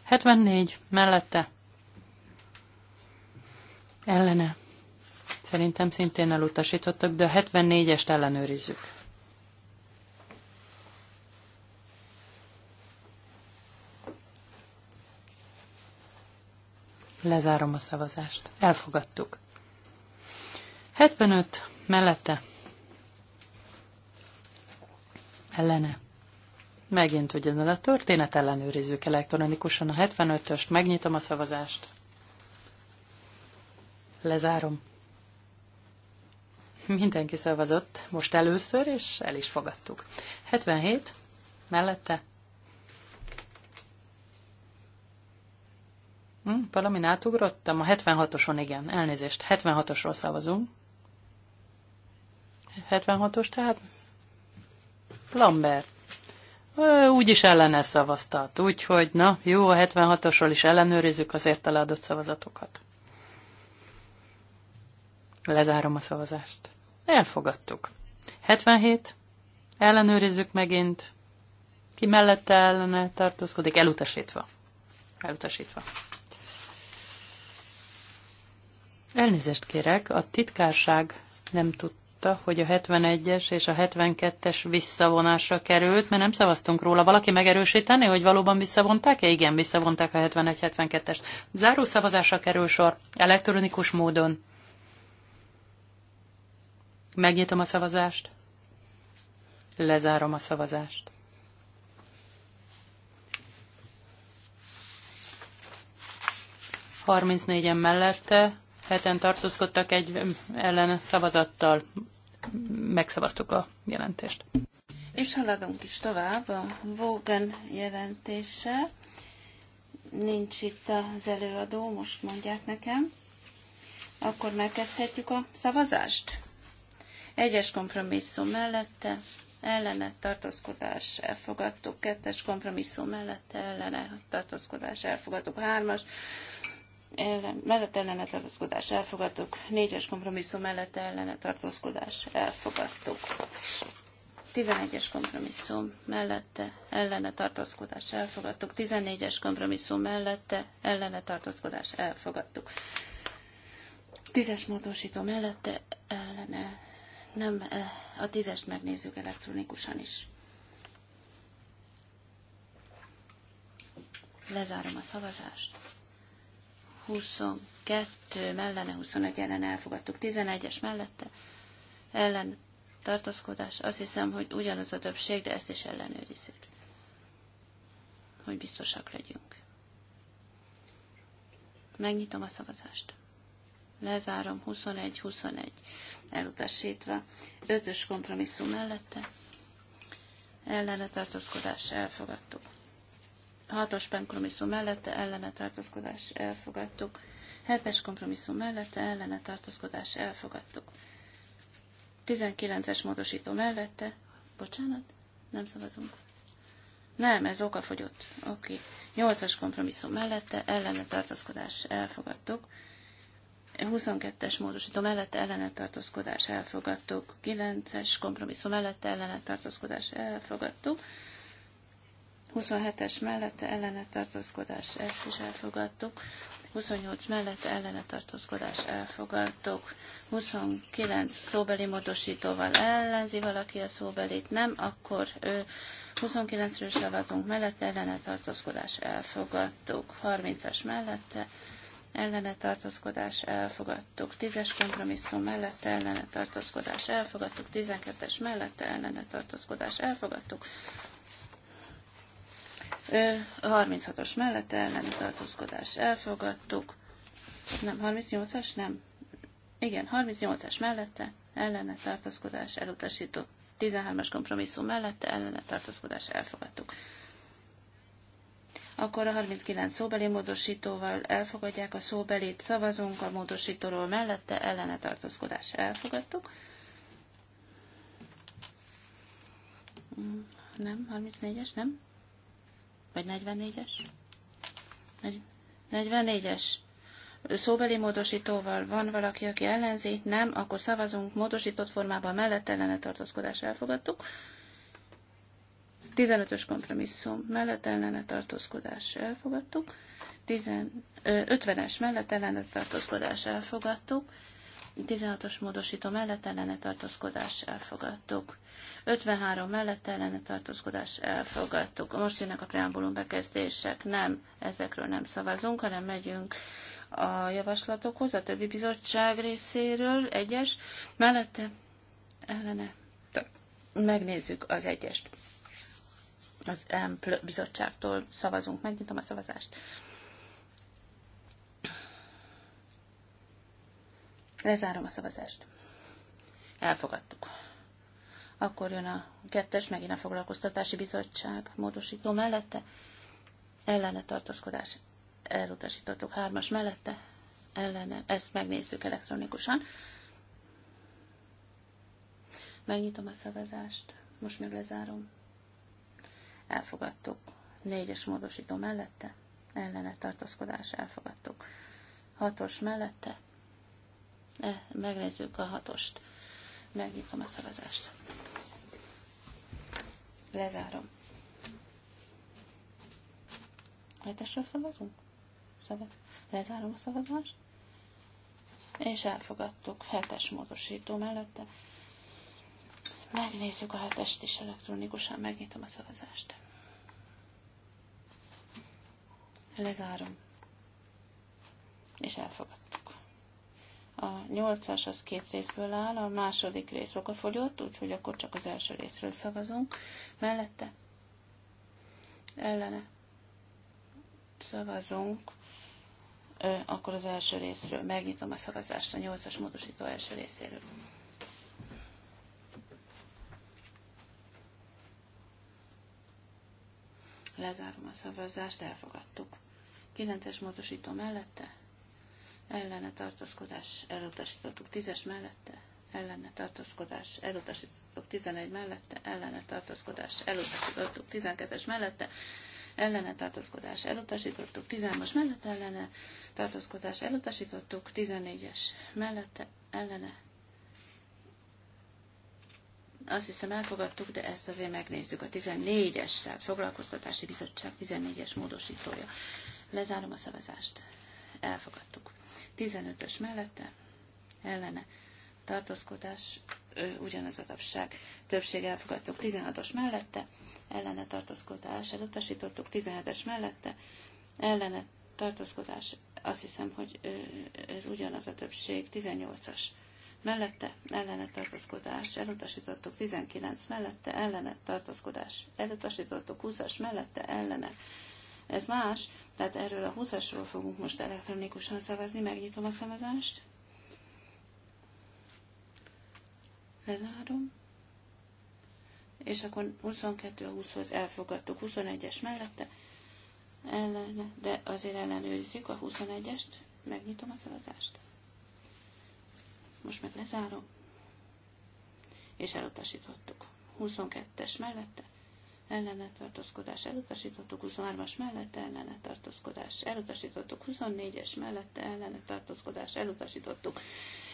74 mellette. Ellene. Szerintem szintén elutasítottak, de a 74-est ellenőrizzük. Lezárom a szavazást. Elfogadtuk. 75 mellette. Ellene. Megint ugyanaz a történet, ellenőrizzük elektronikusan a 75-öst, megnyitom a szavazást. Lezárom. Mindenki szavazott most először, és el is fogadtuk. 77 mellette Hm, valamin átugrottam? A 76-oson, igen. Elnézést, 76-osról szavazunk. 76-os, tehát Lambert. Úgy is ellene szavaztat, úgyhogy na, jó, a 76-osról is ellenőrizzük az értele adott szavazatokat. Lezárom a szavazást. Elfogadtuk. 77. Ellenőrizzük megint. Ki mellette ellene tartózkodik? Elutasítva. Elutasítva. Elnézést kérek, a titkárság nem tudta, hogy a 71-es és a 72-es visszavonásra került, mert nem szavaztunk róla. Valaki megerősíteni, hogy valóban visszavonták-e? Igen, visszavonták a 71-72-est. Záró szavazásra kerül sor, elektronikus módon. Megnyitom a szavazást. Lezárom a szavazást. Harmincnégyen mellette, heten tartózkodtak egy ellen szavazattal. Megszavaztuk a jelentést. És haladunk is tovább a Vogan jelentéssel. Nincs itt az előadó, most mondják nekem. Akkor megkezdhetjük a szavazást. Egyes kompromisszum mellette, ellene tartózkodás elfogadtuk, kettes kompromisszum mellette, ellene tartózkodás elfogadtuk, hármas mellett ellene tartózkodás elfogadtuk, négyes kompromisszum mellett ellene tartózkodás elfogadtuk. 11-es kompromisszum mellette ellene tartózkodás elfogadtuk, 14-es kompromisszum mellette ellene tartózkodás elfogadtuk. Tízes módosító mellette ellene, nem, eh, a tízes megnézzük elektronikusan is. Lezárom a szavazást. 22 mellene, 21 ellen elfogadtuk, 11-es mellette ellen tartózkodás. Azt hiszem, hogy ugyanaz a többség, de ezt is ellenőrizzük, hogy biztosak legyünk. Megnyitom a szavazást. Lezárom 21-21 elutasítva. Ötös kompromisszum mellette ellene tartózkodás elfogadtuk. Hatos kompromisszum mellette ellene tartózkodás elfogadtuk. Hetes kompromisszum mellette ellene tartózkodás elfogadtuk. 19-es módosító mellette. Bocsánat, nem szavazunk. Nem, ez okafogyott. Oké. Okay. 8-as kompromisszum mellette ellene tartózkodás elfogadtuk. 22-es módosító mellette ellene tartózkodás elfogadtuk. 9-es kompromisszum mellette ellene tartózkodás elfogadtuk. 27-es mellette ellene tartózkodás, ezt is elfogadtuk. 28 mellette ellene tartózkodás elfogadtuk. 29 szóbeli módosítóval ellenzi valaki a szóbelit, nem, akkor 29-ről szavazunk mellette ellene tartózkodás elfogadtuk. 30-as mellette ellene tartózkodás elfogadtuk, 10-es kompromisszum mellette ellene tartózkodás elfogadtuk, 12-es mellette ellene tartózkodás elfogadtuk, a 36-os mellette elleni tartózkodás elfogadtuk. Nem, 38-as? Nem. Igen, 38-as mellette ellene tartózkodás elutasító. 13-as kompromisszum mellette ellene tartózkodás elfogadtuk. Akkor a 39 szóbeli módosítóval elfogadják a szóbelit, szavazunk a módosítóról mellette ellene tartózkodás elfogadtuk. Mm, nem, 34-es, nem? Vagy 44-es? 44-es szóbeli módosítóval van valaki, aki ellenzi, nem, akkor szavazunk módosított formában mellett ellene tartózkodás elfogadtuk. 15-ös kompromisszum mellett ellene tartózkodás elfogadtuk. 50-es mellett ellene tartózkodás elfogadtuk. 16-os módosító mellett ellene tartózkodás elfogadtuk. 53 mellett ellene tartózkodás elfogadtuk. Most jönnek a preambulum bekezdések. Nem, ezekről nem szavazunk, hanem megyünk a javaslatokhoz, a többi bizottság részéről egyes, mellette ellene. Megnézzük az egyest. Az M bizottságtól szavazunk. Megnyitom a szavazást. Lezárom a szavazást. Elfogadtuk. Akkor jön a kettes, megint a foglalkoztatási bizottság módosító mellette. Ellene tartózkodás elutasítottuk hármas mellette. Ellene, ezt megnézzük elektronikusan. Megnyitom a szavazást. Most még lezárom. Elfogadtuk. Négyes módosító mellette. Ellene tartózkodás elfogadtuk. Hatos mellette E, megnézzük a hatost. Megnyitom a szavazást. Lezárom. Hetesre szavazunk? Szabad. Lezárom a szavazást. És elfogadtuk hetes módosító mellette. Megnézzük a hetest is elektronikusan, megnyitom a szavazást. Lezárom. És elfogadtuk. A nyolcas az két részből áll, a második rész okafogyott, úgyhogy akkor csak az első részről szavazunk. Mellette ellene szavazunk, ö, akkor az első részről megnyitom a szavazást a nyolcas módosító első részéről. Lezárom a szavazást, elfogadtuk. 9-es módosító mellette, ellene tartózkodás elutasítottuk 10-es mellette, ellene tartózkodás elutasítottuk 11 mellette, ellene tartózkodás elutasítottuk 12-es mellette, ellene tartózkodás elutasítottuk 13-as mellette, ellene tartózkodás elutasítottuk 14-es mellette, ellene azt hiszem elfogadtuk, de ezt azért megnézzük. A 14-es, tehát foglalkoztatási bizottság 14-es módosítója. Lezárom a szavazást elfogadtuk. 15-ös mellette ellene tartózkodás ugyanaz a tapság. Többség elfogadtuk 16-os mellette, ellene tartózkodás elutasítottuk 17-es mellette, ellene tartózkodás, azt hiszem, hogy ez ugyanaz a többség, 18-as mellette ellene tartózkodás, elutasítottuk 19 mellette ellene tartózkodás, elutasítottuk 20-as mellette ellene. Ez más, tehát erről a 20-asról fogunk most elektronikusan szavazni. Megnyitom a szavazást. Lezárom. És akkor 22 a 20-hoz elfogadtuk. 21-es mellette ellene, de azért ellenőrizzük a 21-est. Megnyitom a szavazást. Most meg lezárom. És elutasítottuk. 22-es mellette ellene tartózkodás elutasítottuk, 23-as mellette ellene tartózkodás elutasítottuk, 24-es mellette ellene tartózkodás elutasítottuk.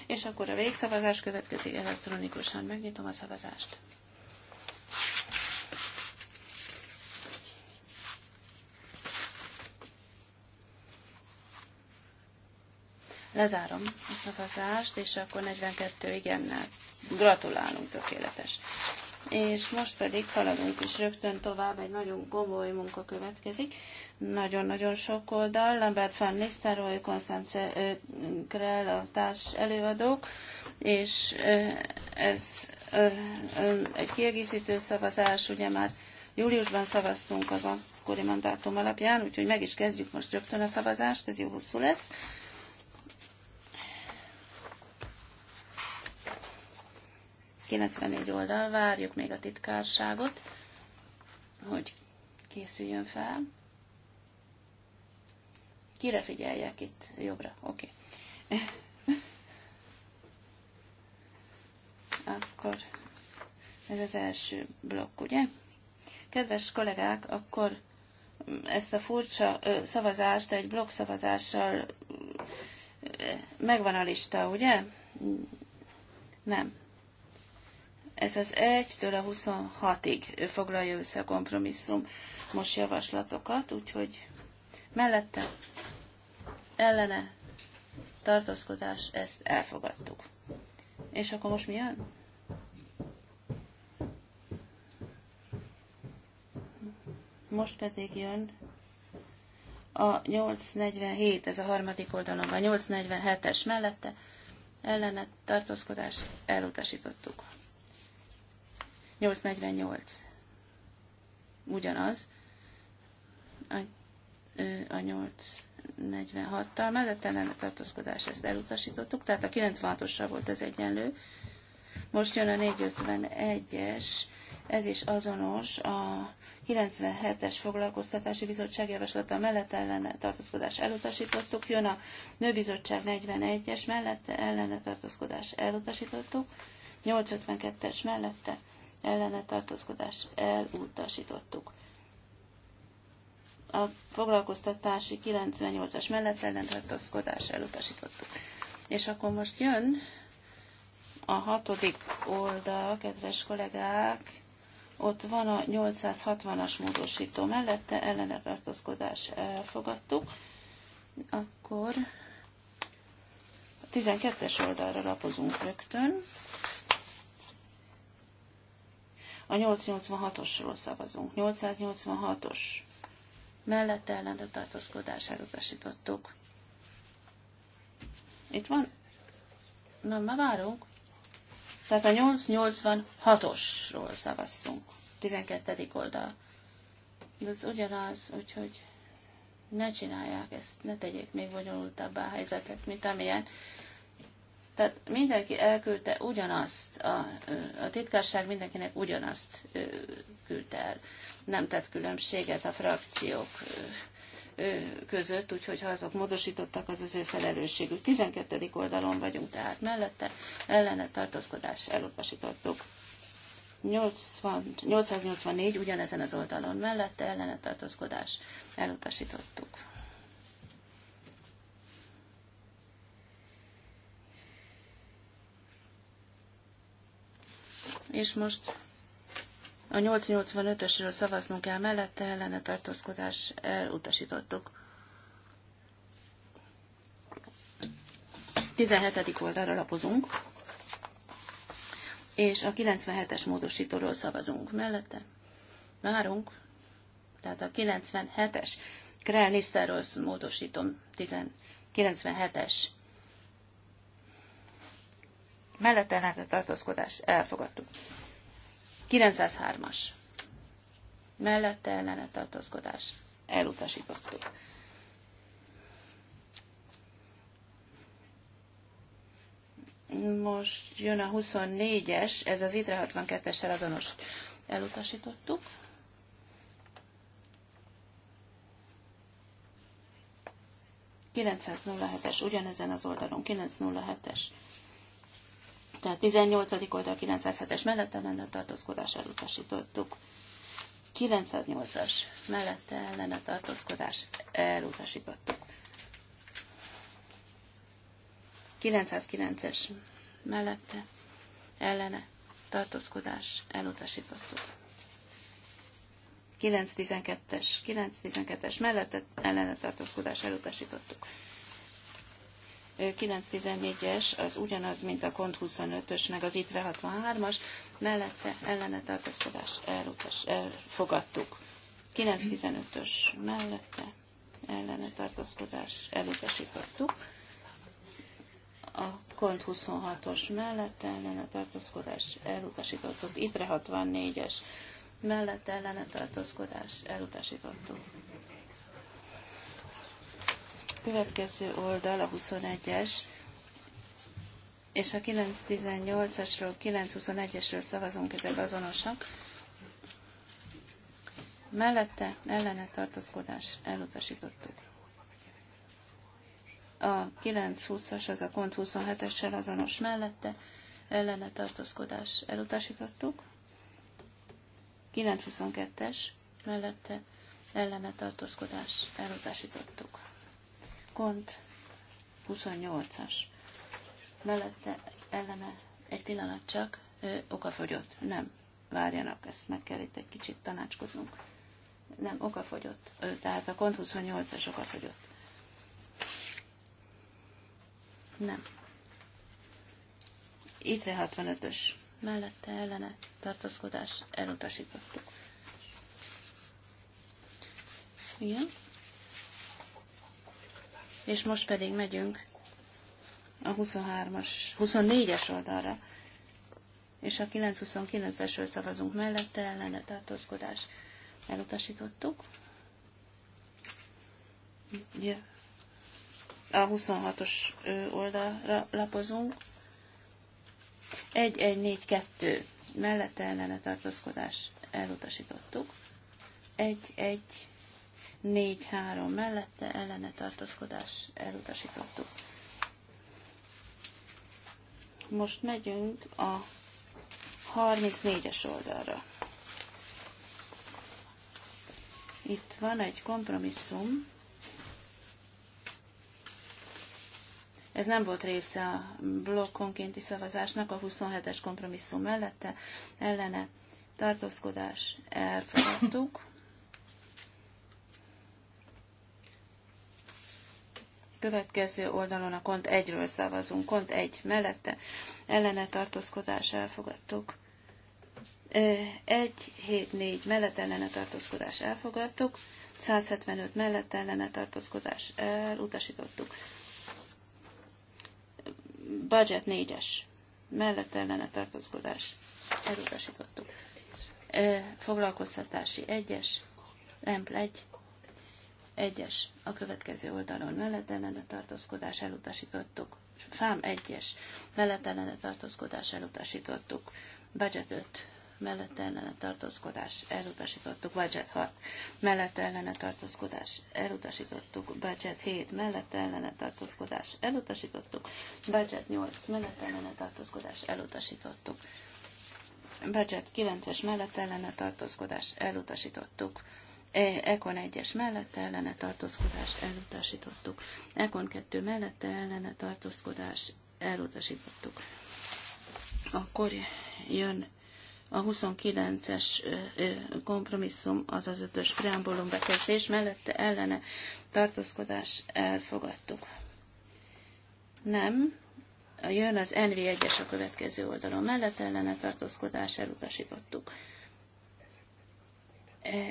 És akkor a végszavazás következik elektronikusan. Megnyitom a szavazást. Lezárom a szavazást, és akkor 42 igennel. Gratulálunk, tökéletes és most pedig haladunk is rögtön tovább, egy nagyon gomoly munka következik. Nagyon-nagyon sok oldal, Lambert van Nistelrooy, Konstance Krell a társ előadók, és ez egy kiegészítő szavazás, ugye már júliusban szavaztunk az akkori mandátum alapján, úgyhogy meg is kezdjük most rögtön a szavazást, ez jó hosszú lesz. 94 oldal, várjuk még a titkárságot, hogy készüljön fel. Kire figyeljek itt? Jobbra, oké. Okay. akkor ez az első blokk, ugye? Kedves kollégák, akkor ezt a furcsa ö, szavazást egy blokk szavazással megvan a lista, ugye? Nem. Ez az 1-től a 26-ig foglalja össze a kompromisszum most javaslatokat, úgyhogy mellette ellene tartózkodás, ezt elfogadtuk. És akkor most mi jön? Most pedig jön a 847, ez a harmadik oldalon van, 847-es mellette ellene tartózkodás elutasítottuk. 848 ugyanaz a, a 846-tal, mellette lenne tartózkodás, ezt elutasítottuk, tehát a 96-ossal volt ez egyenlő. Most jön a 451-es, ez is azonos a 97-es foglalkoztatási bizottság javaslata mellett ellene tartózkodás elutasítottuk, jön a nőbizottság 41-es mellette ellene tartózkodás elutasítottuk, 852-es mellette ellene tartózkodás elutasítottuk. A foglalkoztatási 98-as mellett ellen tartózkodás elutasítottuk. És akkor most jön a hatodik oldal, kedves kollégák, ott van a 860-as módosító mellette, ellene tartózkodás elfogadtuk. Akkor a 12-es oldalra lapozunk rögtön. A 886-osról szavazunk. 886-os. Mellette ellen a tartózkodására elutasítottuk. Itt van. Na, már várunk. Tehát a 886-osról szavaztunk. 12. oldal. De ez ugyanaz, úgyhogy ne csinálják ezt, ne tegyék még bonyolultabbá a helyzetet, mint amilyen. Tehát mindenki elküldte ugyanazt, a, a titkárság mindenkinek ugyanazt küldte el. Nem tett különbséget a frakciók között, úgyhogy ha azok módosítottak, az az ő felelősségük. 12. oldalon vagyunk, tehát mellette ellene tartózkodás elutasítottuk. 80, 884 ugyanezen az oldalon mellette ellene tartózkodás elutasítottuk. és most a 885-ösről szavaznunk kell mellette, ellene tartózkodás elutasítottuk. 17. oldalra lapozunk, és a 97-es módosítóról szavazunk mellette. Várunk, tehát a 97-es Krell Nisztáról módosítom, 97-es mellette lehetne tartózkodás elfogadtuk. 903-as mellette ellene tartózkodás elutasítottuk. Most jön a 24-es, ez az ITRE 62-essel azonos elutasítottuk. Kilencszáz es ugyanezen az oldalon, 907-es tehát 18. oldal 907-es mellett ellenet tartózkodás elutasítottuk. 908-as mellette ellenet tartózkodás elutasítottuk. 909-es mellette ellene tartózkodás elutasítottuk. 912-es, 912-es mellette ellene tartózkodás elutasítottuk. 914-es az ugyanaz, mint a KONT 25-ös, meg az ITRE 63-as, mellette ellene tartozkodás elutas, elfogadtuk. 915-ös mellette ellene tartózkodás elutasítottuk. A KONT 26-os mellette ellene tartózkodás elutasítottuk. ITRE 64-es mellette ellene tartózkodás elutasítottuk következő oldal a 21-es, és a 918-asról, 921-esről szavazunk, ezek azonosak. Mellette ellene tartózkodás elutasítottuk. A 920-as, az a kont 27-essel azonos mellette ellene tartózkodás elutasítottuk. 922-es mellette ellene tartózkodás elutasítottuk. Kont 28-as. Mellette ellene egy pillanat csak ö, okafogyott. Nem, várjanak, ezt meg kell itt egy kicsit tanácskoznunk. Nem, okafogyott. Ö, tehát a kont 28-as okafogyott. Nem. Itre 65-ös. Mellette ellene tartózkodás elutasítottuk. Igen és most pedig megyünk a 23-as, 24-es oldalra, és a 929-esről szavazunk mellette, ellene tartózkodás elutasítottuk. Ja. A 26-os oldalra lapozunk. 1142 mellette ellene tartózkodás elutasítottuk. 1-1 4-3 mellette ellene tartózkodás elutasítottuk. Most megyünk a 34-es oldalra. Itt van egy kompromisszum. Ez nem volt része a blokkonkénti szavazásnak, a 27-es kompromisszum mellette ellene tartózkodás elfogadtuk. Következő oldalon a kont 1-ről szavazunk. Kont 1 mellette ellene tartózkodás elfogadtuk. 1-7-4 mellett ellene tartózkodás elfogadtuk. 175 mellett ellene tartózkodás elutasítottuk. Budget 4-es mellett ellene tartózkodás elutasítottuk. Foglalkoztatási 1-es, Rempl 1 egyes a következő oldalon mellett ellene tartózkodás elutasítottuk. Fám egyes mellett ellene tartózkodás elutasítottuk. Budget 5 mellett ellene tartózkodás elutasítottuk. Budget 6 mellett ellene tartózkodás elutasítottuk. Budget 7 mellett ellene tartózkodás elutasítottuk. Budget 8 mellett ellene tartózkodás elutasítottuk. Budget 9-es mellett ellene tartózkodás elutasítottuk Ekon 1-es mellette ellene tartózkodást elutasítottuk. Ekon 2 mellette ellene tartózkodás elutasítottuk. Akkor jön a 29-es kompromisszum, azaz 5-ös preambulum bekezdés, mellette ellene tartózkodás elfogadtuk. Nem, jön az NV1-es a következő oldalon, mellette ellene tartózkodás elutasítottuk.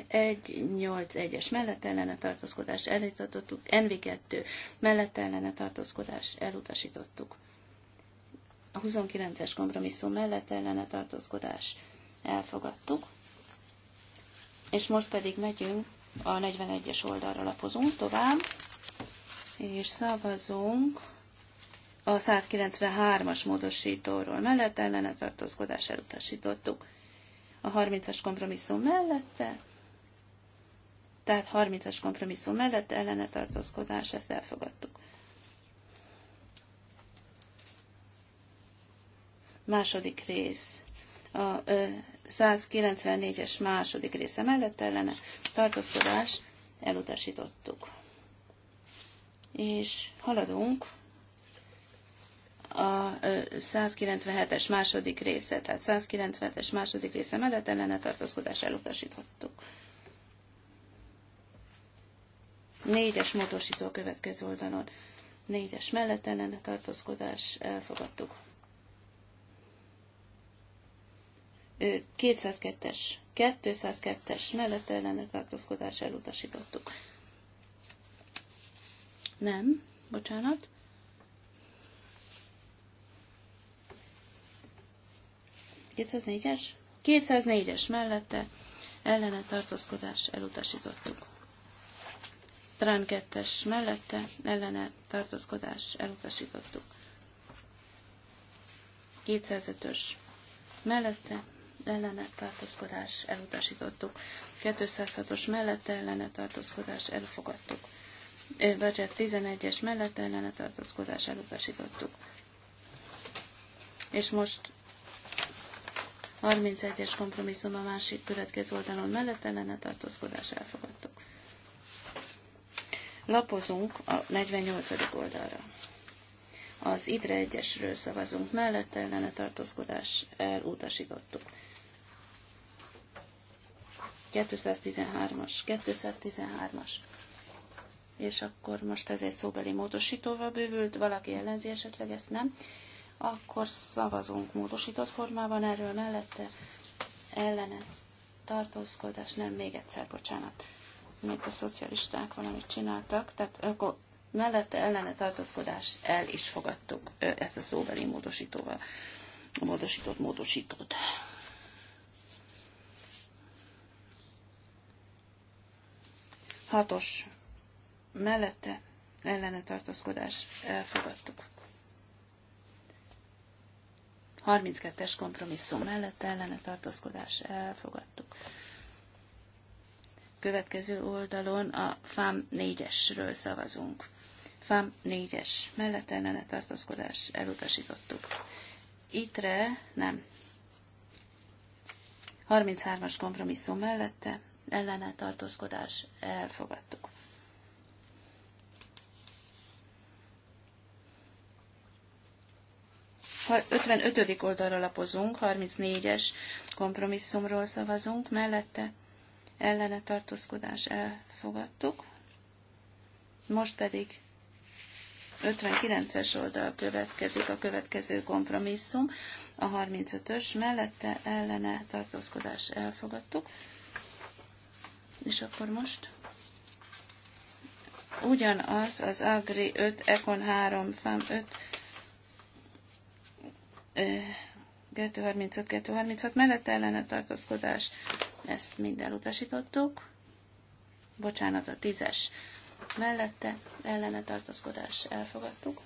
181-es e mellett ellene tartózkodás elutasítottuk, NV2 mellett ellene tartózkodás elutasítottuk. A 29-es kompromisszum mellett ellene tartózkodás elfogadtuk. És most pedig megyünk, a 41-es oldalra lapozunk tovább, és szavazunk a 193-as módosítóról mellett ellene tartózkodás elutasítottuk a 30-as kompromisszum mellette, tehát 30-as kompromisszum mellette ellene tartózkodás, ezt elfogadtuk. Második rész. A 194-es második része mellett ellene tartózkodás elutasítottuk. És haladunk a 197-es második része, tehát 197-es második része mellett ellene tartózkodás elutasítottuk. Négyes módosító a következő oldalon. Négyes mellett ellene tartózkodás elfogadtuk. 202-es, 202-es mellett ellene tartózkodás elutasítottuk. Nem, bocsánat. 204-es? 204-es mellette ellene tartózkodás elutasítottuk. Trán 2-es mellette ellene tartózkodás elutasítottuk. 205-ös mellette ellene tartózkodás elutasítottuk. 206-os mellette ellene tartózkodás elfogadtuk. Eh, budget 11-es mellette ellene tartózkodás elutasítottuk. És most 31-es kompromisszum a másik következő oldalon mellett ellene tartózkodás elfogadtuk. Lapozunk a 48. oldalra. Az idre egyesről szavazunk mellett ellene tartózkodás elutasítottuk. 213-as, 213-as. És akkor most ez egy szóbeli módosítóval bővült, valaki ellenzi esetleg ezt nem akkor szavazunk módosított formában erről mellette, ellene, tartózkodás, nem még egyszer, bocsánat, mint a szocialisták valamit csináltak, tehát akkor mellette ellene tartózkodás el is fogadtuk ezt a szóbeli módosítóval, a módosított Hatos mellette ellene tartózkodás elfogadtuk. 32-es kompromisszum mellett ellene tartózkodás elfogadtuk. Következő oldalon a FAM 4-esről szavazunk. FAM 4-es mellett ellene tartózkodás elutasítottuk. Itre nem. 33-as kompromisszum mellette ellene tartózkodás elfogadtuk. 55. oldalra lapozunk, 34-es kompromisszumról szavazunk, mellette ellene tartózkodás elfogadtuk. Most pedig 59-es oldal következik a következő kompromisszum, a 35-ös mellette ellene tartózkodás elfogadtuk. És akkor most ugyanaz az Agri 5, Econ 3, FAM 5, 235-236 mellett ellene tartózkodás, ezt mind elutasítottuk. Bocsánat, a tízes mellette ellene tartózkodás elfogadtuk.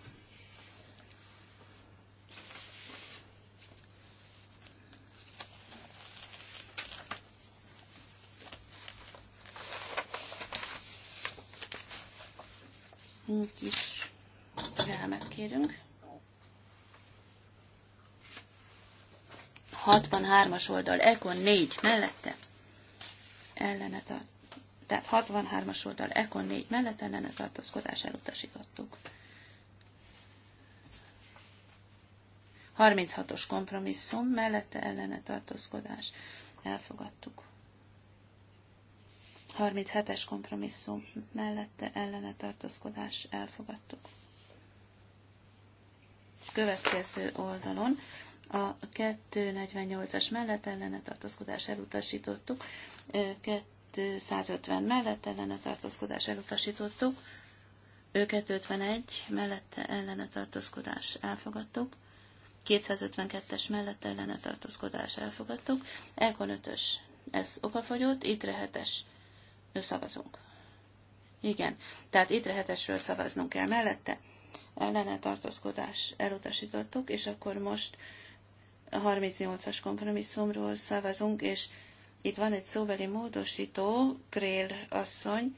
kis türelmet kérünk. 63-as oldal, Ekon 4 mellette ellene tart. Tehát 63-as oldal, Ekon 4 mellett ellene tartózkodás elutasítottuk. 36-os kompromisszum mellette ellene tartózkodás elfogadtuk. 37-es kompromisszum mellette ellene tartózkodás elfogadtuk. Következő oldalon a 248-as mellett ellene tartózkodás elutasítottuk, 250 mellett ellene tartózkodás elutasítottuk, 251 mellette ellene tartózkodás elfogadtuk, 252-es mellett ellene tartózkodás elfogadtuk, Elkon 5-ös, ez okafogyott, itt rehetes, szavazunk. Igen, tehát itt rehetesről szavaznunk kell mellette, ellene tartózkodás elutasítottuk, és akkor most a 38-as kompromisszumról szavazunk, és itt van egy szóbeli módosító, Krél asszony,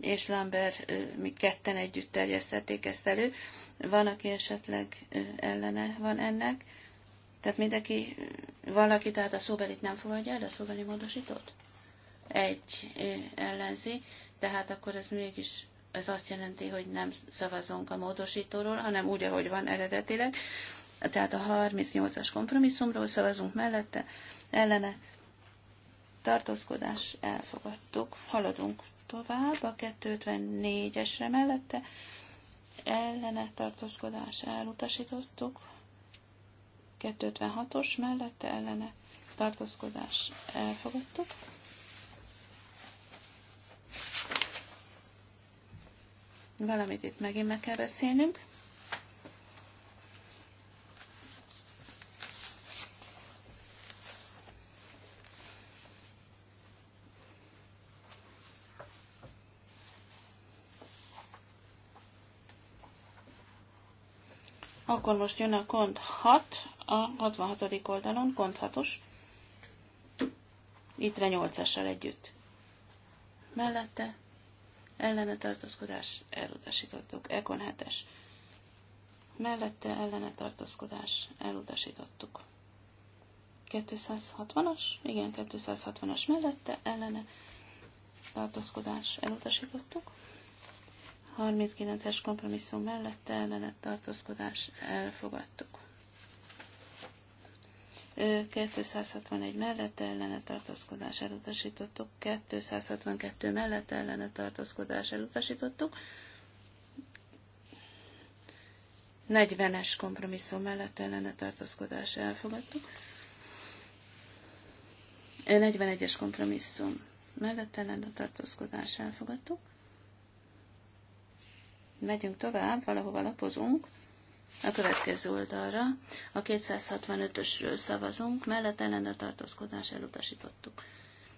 és Lambert mi ketten együtt terjesztették ezt elő. Van, aki esetleg ellene van ennek. Tehát mindenki, valaki, tehát a szóbelit nem fogadja el, a szóbeli módosítót? Egy ellenzi, tehát akkor ez mégis ez azt jelenti, hogy nem szavazunk a módosítóról, hanem úgy, ahogy van eredetileg. Tehát a 38-as kompromisszumról szavazunk mellette, ellene tartózkodás elfogadtuk. Haladunk tovább a 254-esre mellette, ellene tartózkodás elutasítottuk. 256-os mellette ellene tartózkodás elfogadtuk. Valamit itt megint meg kell beszélnünk. Akkor most jön a kont 6, a 66. oldalon, kont 6-os. Ittre 8 együtt. Mellette ellene tartózkodás elutasítottuk. Ekon 7-es. Mellette ellene tartózkodás elutasítottuk. 260-as? Igen, 260-as mellette ellene tartózkodás elutasítottuk. 39-es kompromisszum mellett ellenet tartózkodás elfogadtuk. 261 mellett ellene tartózkodás elutasítottuk, 262 mellett ellene tartózkodás elutasítottuk, 40-es kompromisszum mellett ellene tartózkodás elfogadtuk, 41-es kompromisszum mellett ellene tartózkodás elfogadtuk, Megyünk tovább, valahova lapozunk. A következő oldalra a 265-ösről szavazunk, mellett ellene tartózkodás elutasítottuk.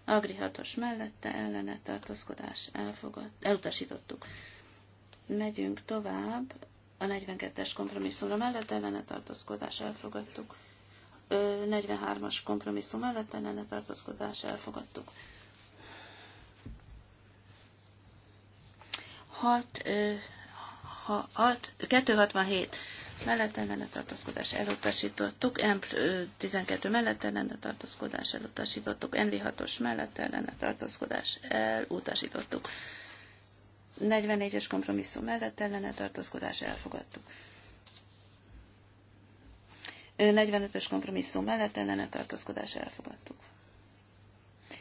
Agri 6 mellette ellene tartózkodás elfogad, elutasítottuk. Megyünk tovább a 42-es kompromisszumra mellett ellene tartózkodás elfogadtuk. 43-as kompromisszum mellett ellene tartózkodás elfogadtuk. 6 267 mellett ellene tartózkodás elutasítottuk, M12 mellett ellene tartózkodás elutasítottuk, NV6-os mellett ellene tartózkodás elutasítottuk. 44-es kompromisszum mellett ellene tartózkodás elfogadtuk. 45-ös kompromisszum mellett ellene tartózkodás elfogadtuk.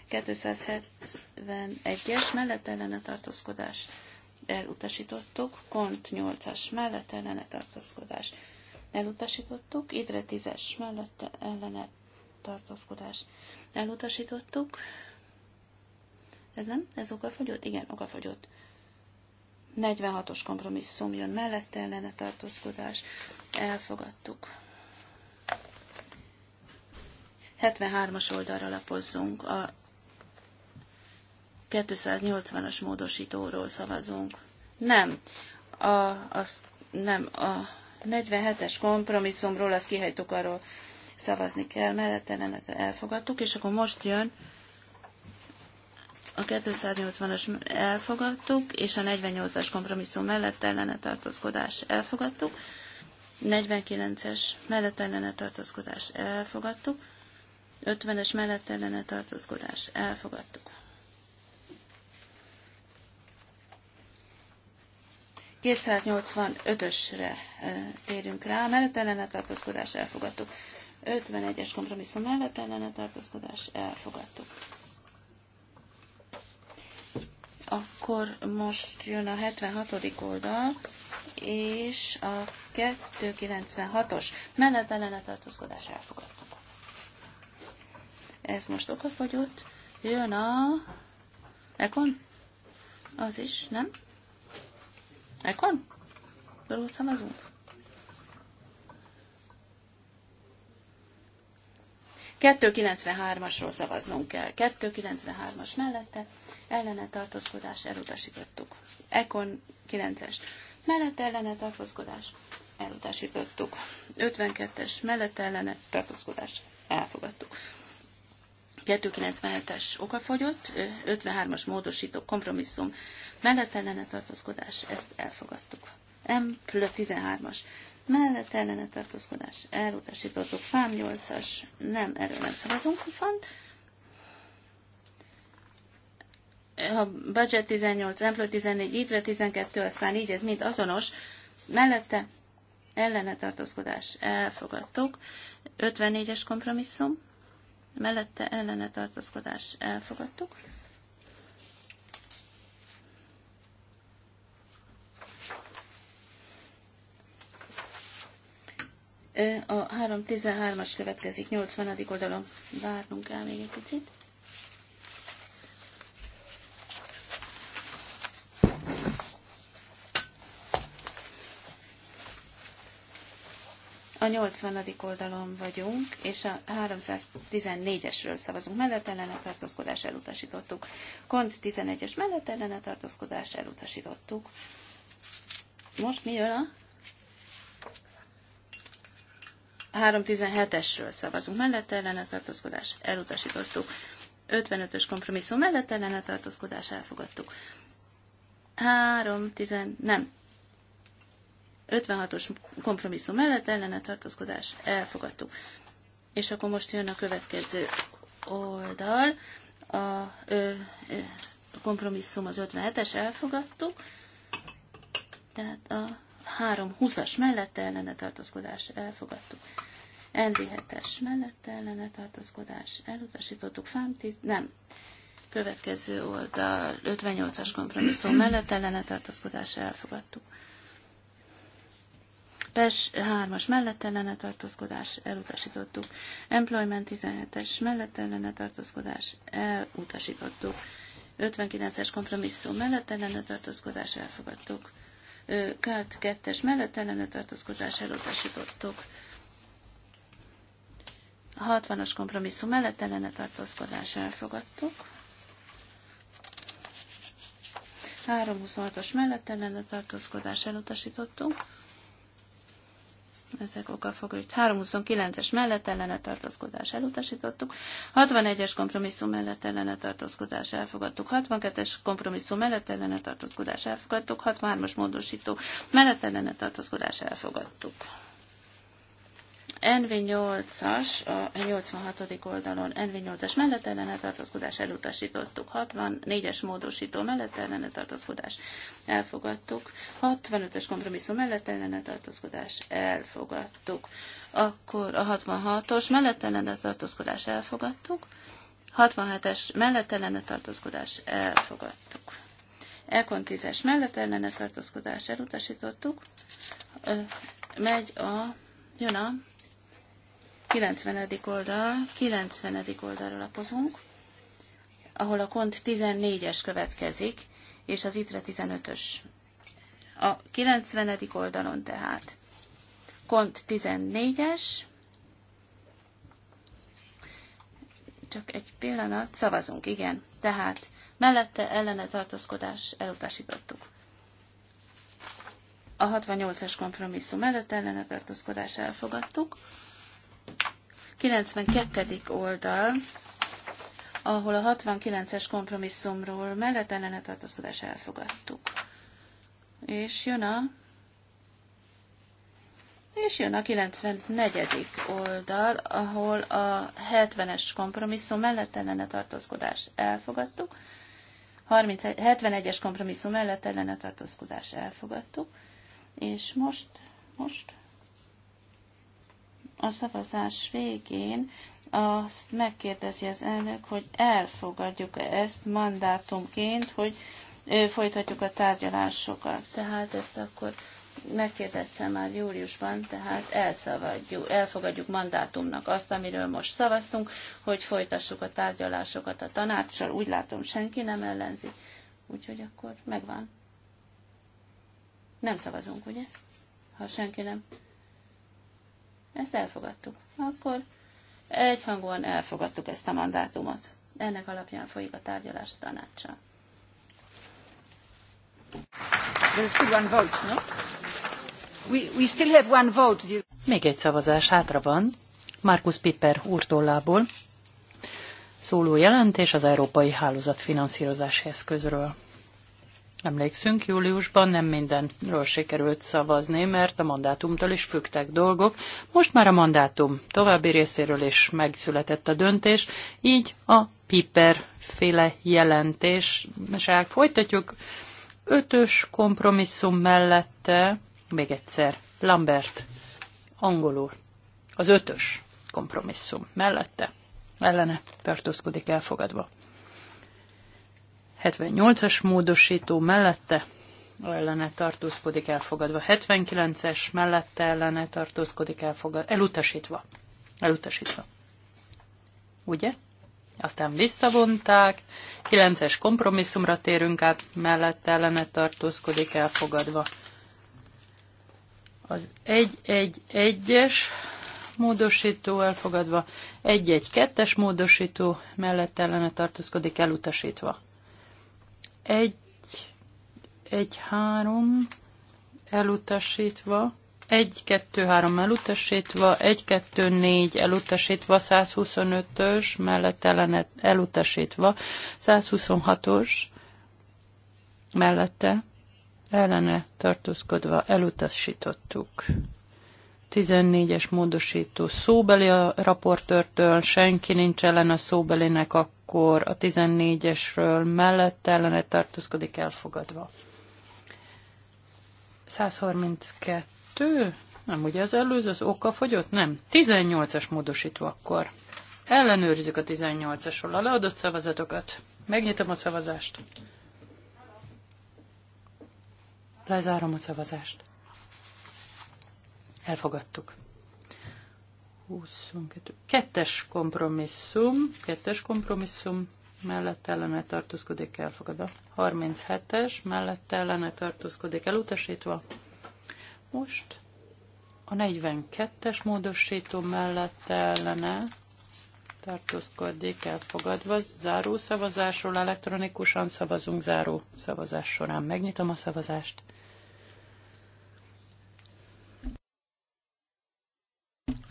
271-es mellett ellene tartózkodás elfogadtuk elutasítottuk, kont 8-as mellett ellene tartózkodás elutasítottuk, idre 10-es mellett ellene tartózkodás elutasítottuk. Ez nem? Ez okafogyott? Igen, okafogyott. 46-os kompromisszum jön mellette ellene tartózkodás. Elfogadtuk. 73-as oldalra lapozzunk a 280-as módosítóról szavazunk. Nem, a, az, nem, a 47-es kompromisszumról, azt kihagytuk, arról szavazni kell, mellette ennek elfogadtuk, és akkor most jön a 280-as elfogadtuk, és a 48-as kompromisszum mellett ellene tartózkodás elfogadtuk, 49-es mellett ellene tartózkodás elfogadtuk, 50-es mellett ellene tartózkodás elfogadtuk. 285-ösre térünk rá, mellett ellene tartózkodás elfogadtuk. 51-es kompromisszum mellett ellene tartózkodás elfogadtuk. Akkor most jön a 76. oldal, és a 296-os mellett ellene tartózkodás elfogadtuk. Ez most okafogyott. Jön a Ekon? Az is, nem? Ekon? Dolgot szavazunk? ...293-asról szavaznunk kell. 293-as mellette ellene tartózkodás elutasítottuk. Ekon 9-es. Mellette ellene tartózkodás elutasítottuk. 52-es mellette ellene tartózkodás elfogadtuk. 297-es okafogyott, 53-as módosító kompromisszum mellett ellene tartózkodás, ezt elfogadtuk. M 13-as mellett ellene tartózkodás, elutasítottuk. Fám 8-as, nem, erről nem szavazunk, viszont a budget 18, Emplő 14, ígyre 12, aztán így ez mind azonos, mellette ellene tartózkodás elfogadtuk, 54-es kompromisszum, mellette ellene tartózkodás elfogadtuk. A 3.13-as következik, 80. oldalon várnunk el még egy picit. A 80. oldalon vagyunk, és a 314-esről szavazunk. Mellett ellene tartózkodás elutasítottuk. Kont 11-es mellett ellene tartózkodás elutasítottuk. Most mi jön a 317-esről szavazunk. Mellett ellene tartózkodás elutasítottuk. 55-ös kompromisszum mellett ellene tartózkodás elfogadtuk. 3, 10, nem, 56-os kompromisszum mellett ellene tartózkodás elfogadtuk. És akkor most jön a következő oldal. A, ö, ö, a kompromisszum az 57-es, elfogadtuk. Tehát a 320 20 as mellett ellene tartózkodás elfogadtuk. ND7-es mellett ellene tartózkodás elutasítottuk. FAM 10, nem. Következő oldal 58-as kompromisszum mellett ellene tartózkodás elfogadtuk. PES 3-as mellett ellene tartózkodás elutasítottuk. Employment 17-es mellett ellene tartózkodás elutasítottuk. 59-es kompromisszum mellett ellene tartózkodás elfogadtuk. Kárt 2-es mellett ellene tartózkodás elutasítottuk. 60-as kompromisszum mellett ellene tartózkodás elfogadtuk. 326-os mellett ellene tartózkodás elutasítottuk ezek oka hogy 329-es mellett ellene tartózkodás elutasítottuk, 61-es kompromisszum mellett ellene tartózkodás elfogadtuk, 62-es kompromisszum mellett ellene tartózkodás elfogadtuk, 63-as módosító mellett ellene tartózkodás elfogadtuk. NV8-as, a 86. oldalon NV8-as mellett ellene tartózkodás elutasítottuk, 64-es módosító mellett ellene tartózkodás elfogadtuk, 65 es kompromisszum mellett ellene tartózkodás elfogadtuk, akkor a 66-os mellett ellene tartózkodás elfogadtuk, 67-es mellett ellene tartózkodás elfogadtuk. Ekon 10-es mellett ellene tartózkodás elutasítottuk, megy a, jön a 90. oldal, 90. oldalra lapozunk, ahol a kont 14-es következik, és az itre 15-ös. A 90. oldalon tehát. Kont 14-es, csak egy pillanat, szavazunk, igen. Tehát mellette ellene tartózkodás elutasítottuk. A 68-as kompromisszum mellett ellene tartózkodás elfogadtuk. 92. oldal, ahol a 69-es kompromisszumról mellett ellene tartózkodás elfogadtuk. És jön a és jön a 94. oldal, ahol a 70-es kompromisszum mellett ellene tartózkodás elfogadtuk, 71-es kompromisszum mellett ellene tartózkodás elfogadtuk, és most, most a szavazás végén azt megkérdezi az elnök, hogy elfogadjuk -e ezt mandátumként, hogy folytatjuk a tárgyalásokat. Tehát ezt akkor megkérdezte már júliusban, tehát elszavadjuk, elfogadjuk mandátumnak azt, amiről most szavaztunk, hogy folytassuk a tárgyalásokat a tanácssal. Úgy látom, senki nem ellenzi. Úgyhogy akkor megvan. Nem szavazunk, ugye? Ha senki nem ezt elfogadtuk. Akkor egyhangúan elfogadtuk ezt a mandátumot. Ennek alapján folyik a tárgyalás a Még egy szavazás hátra van. Markus Piper úrtollából szóló jelentés az Európai Hálózat finanszírozási eszközről. Emlékszünk, júliusban nem mindenről sikerült szavazni, mert a mandátumtól is fügtek dolgok. Most már a mandátum további részéről is megszületett a döntés, így a Piper féle És Folytatjuk ötös kompromisszum mellette, még egyszer, Lambert, angolul, az ötös kompromisszum mellette, ellene tartózkodik elfogadva. 78-as módosító mellette ellene tartózkodik elfogadva. 79-es mellette ellene tartózkodik elfogadva. Elutasítva. Elutasítva. Ugye? Aztán visszavonták. 9-es kompromisszumra térünk át. Mellette ellene tartózkodik elfogadva. Az 1-1-1-es módosító elfogadva. 1-1-2-es módosító mellette ellene tartózkodik elutasítva egy egy három elutasítva, egy kettő három elutasítva, egy kettő négy elutasítva, 125-ös mellett ellenet elutasítva, 126-os mellette ellene tartózkodva elutasítottuk. 14-es módosító szóbeli a raportörtől, senki nincs ellen a szóbelinek, akkor a 14-esről mellett ellene tartózkodik elfogadva. 132? Nem, ugye az előző az oka fogyott? Nem. 18-as módosító akkor. Ellenőrizzük a 18-asról a leadott szavazatokat. Megnyitom a szavazást. Lezárom a szavazást. Elfogadtuk. 22. Kettes kompromisszum, kettes kompromisszum, mellett ellene tartózkodik elfogadva. 37-es, mellett ellene tartózkodik elutasítva. Most a 42-es módosító mellett ellene tartózkodik elfogadva. Záró szavazásról elektronikusan szavazunk záró szavazás során. Megnyitom a szavazást.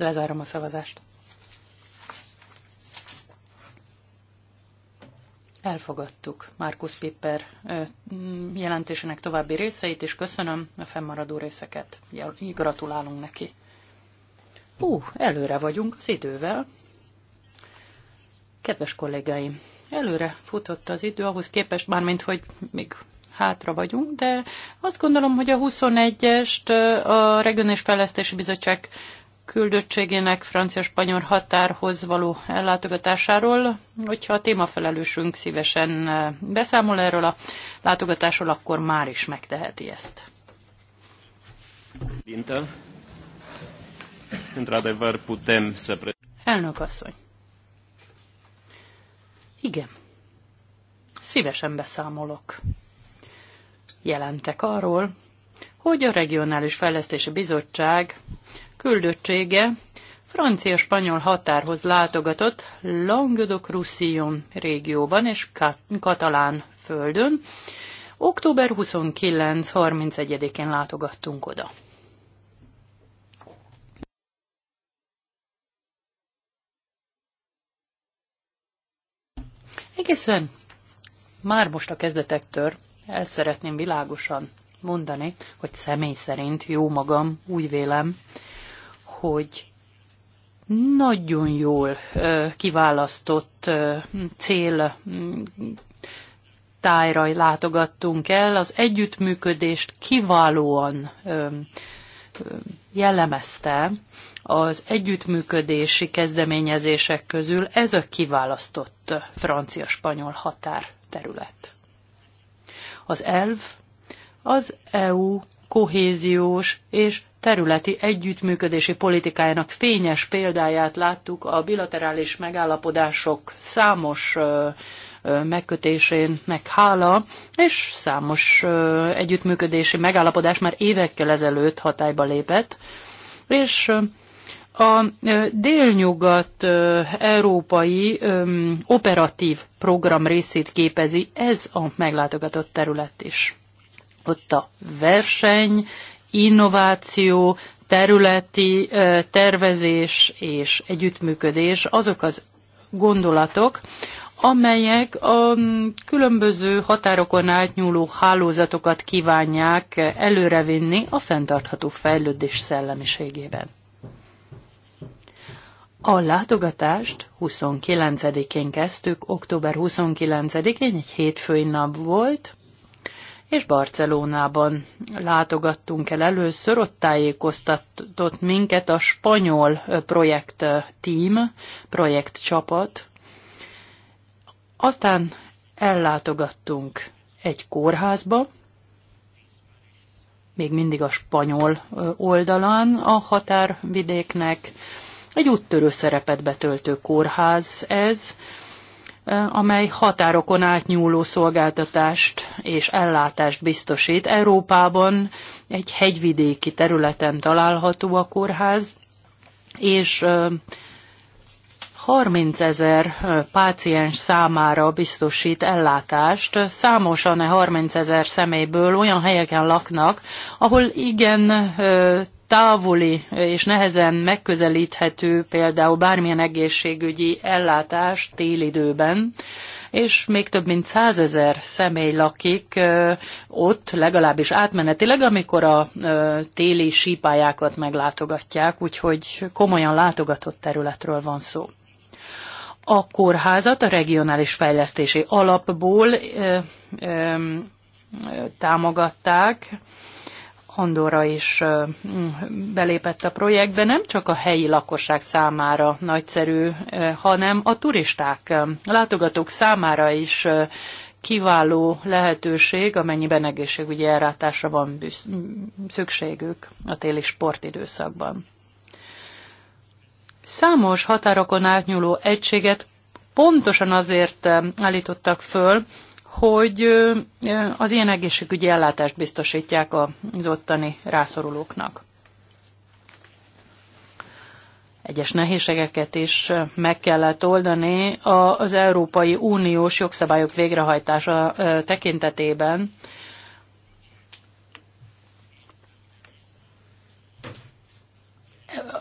Lezárom a szavazást. Elfogadtuk Markus Piper jelentésének további részeit, és köszönöm a fennmaradó részeket. Gratulálunk neki. Ú, előre vagyunk az idővel. Kedves kollégáim, előre futott az idő, ahhoz képest mint hogy még hátra vagyunk, de azt gondolom, hogy a 21-est a Regionális Fejlesztési Bizottság küldöttségének francia-spanyol határhoz való ellátogatásáról. Hogyha a témafelelősünk szívesen eh, beszámol erről a látogatásról, akkor már is megteheti ezt. Elnök asszony. Igen. Szívesen beszámolok. Jelentek arról, hogy a Regionális Fejlesztési Bizottság küldöttsége francia-spanyol határhoz látogatott Languedoc-Roussillon régióban és Katalán földön. Október 29-31-én látogattunk oda. Egészen már most a kezdetektől el szeretném világosan mondani, hogy személy szerint jó magam, úgy vélem, hogy nagyon jól kiválasztott cél mm, tájra látogattunk el. Az együttműködést kiválóan jellemezte az együttműködési kezdeményezések közül ez a kiválasztott francia-spanyol határterület. Az elv az EU kohéziós és területi együttműködési politikájának fényes példáját láttuk a bilaterális megállapodások számos megkötésének hála, és számos együttműködési megállapodás már évekkel ezelőtt hatályba lépett, és a délnyugat európai operatív program részét képezi ez a meglátogatott terület is. Ott a verseny innováció, területi tervezés és együttműködés azok az gondolatok, amelyek a különböző határokon átnyúló hálózatokat kívánják előrevinni a fenntartható fejlődés szellemiségében. A látogatást 29-én kezdtük, október 29-én egy hétfői nap volt, és Barcelonában látogattunk el először, ott tájékoztatott minket a spanyol projekt team, projekt csapat. Aztán ellátogattunk egy kórházba, még mindig a spanyol oldalán a határvidéknek. Egy úttörő szerepet betöltő kórház ez, Eh, amely határokon átnyúló szolgáltatást és ellátást biztosít. Európában egy hegyvidéki területen található a kórház, és 30 eh, ezer eh, páciens számára biztosít ellátást. Számosan e 30 ezer személyből olyan helyeken laknak, ahol igen távoli és nehezen megközelíthető például bármilyen egészségügyi ellátás télidőben, és még több mint százezer személy lakik ott, legalábbis átmenetileg, amikor a téli sípályákat meglátogatják, úgyhogy komolyan látogatott területről van szó. A kórházat a regionális fejlesztési alapból ö, ö, támogatták, Andorra is belépett a projektbe, nem csak a helyi lakosság számára nagyszerű, hanem a turisták, a látogatók számára is kiváló lehetőség, amennyiben egészségügyi elrátásra van szükségük a téli sportidőszakban. Számos határokon átnyúló egységet pontosan azért állítottak föl, hogy az ilyen egészségügyi ellátást biztosítják az ottani rászorulóknak. Egyes nehézségeket is meg kellett oldani az Európai Uniós jogszabályok végrehajtása tekintetében,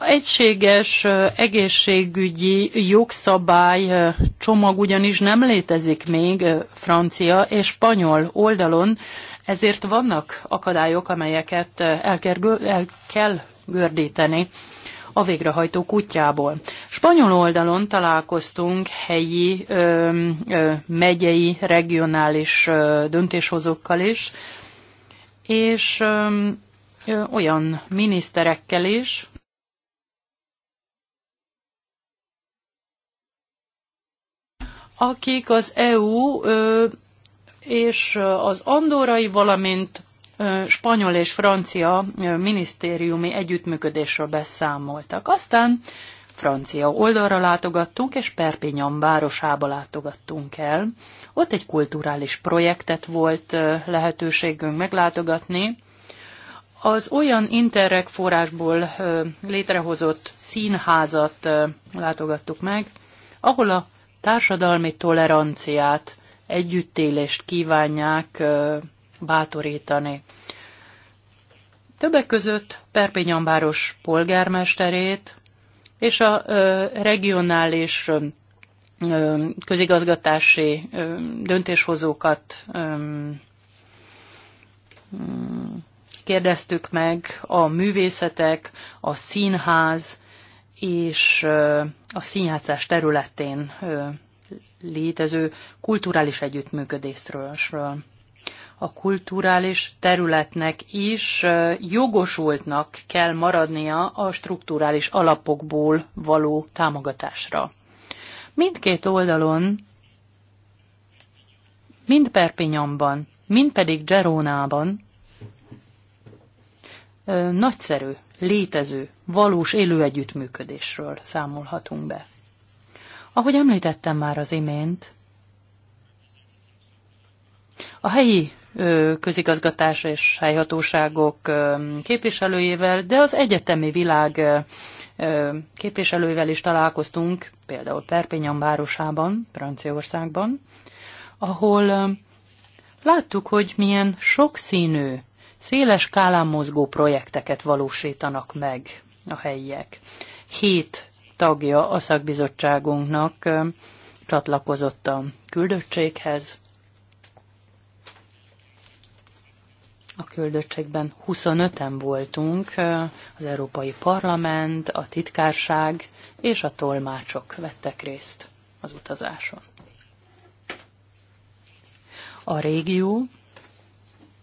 egységes egészségügyi jogszabály csomag ugyanis nem létezik még francia és spanyol oldalon, ezért vannak akadályok, amelyeket el kell, el kell gördíteni a végrehajtó kutyából. Spanyol oldalon találkoztunk helyi, ö, ö, megyei, regionális ö, döntéshozókkal is, és ö, olyan miniszterekkel is, akik az EU és az andorai, valamint spanyol és francia minisztériumi együttműködésről beszámoltak. Aztán francia oldalra látogattunk, és Perpignan városába látogattunk el. Ott egy kulturális projektet volt lehetőségünk meglátogatni. Az olyan interreg forrásból létrehozott színházat látogattuk meg, ahol a társadalmi toleranciát, együttélést kívánják bátorítani. Többek között Perpényambáros polgármesterét és a regionális közigazgatási döntéshozókat mm, kérdeztük meg, a művészetek, a színház, és a színjátszás területén létező kulturális együttműködésről. A kulturális területnek is jogosultnak kell maradnia a strukturális alapokból való támogatásra. Mindkét oldalon, mind Perpignanban, mind pedig Gerónában nagyszerű, létező valós élő együttműködésről számolhatunk be. Ahogy említettem már az imént, a helyi közigazgatás és helyhatóságok képviselőjével, de az egyetemi világ képviselőivel is találkoztunk, például Perpignan városában, Franciaországban, ahol láttuk, hogy milyen sokszínű, széles skálán mozgó projekteket valósítanak meg a helyiek. Hét tagja a szakbizottságunknak csatlakozott a küldöttséghez. A küldöttségben 25-en voltunk, az Európai Parlament, a titkárság és a tolmácsok vettek részt az utazáson. A régió,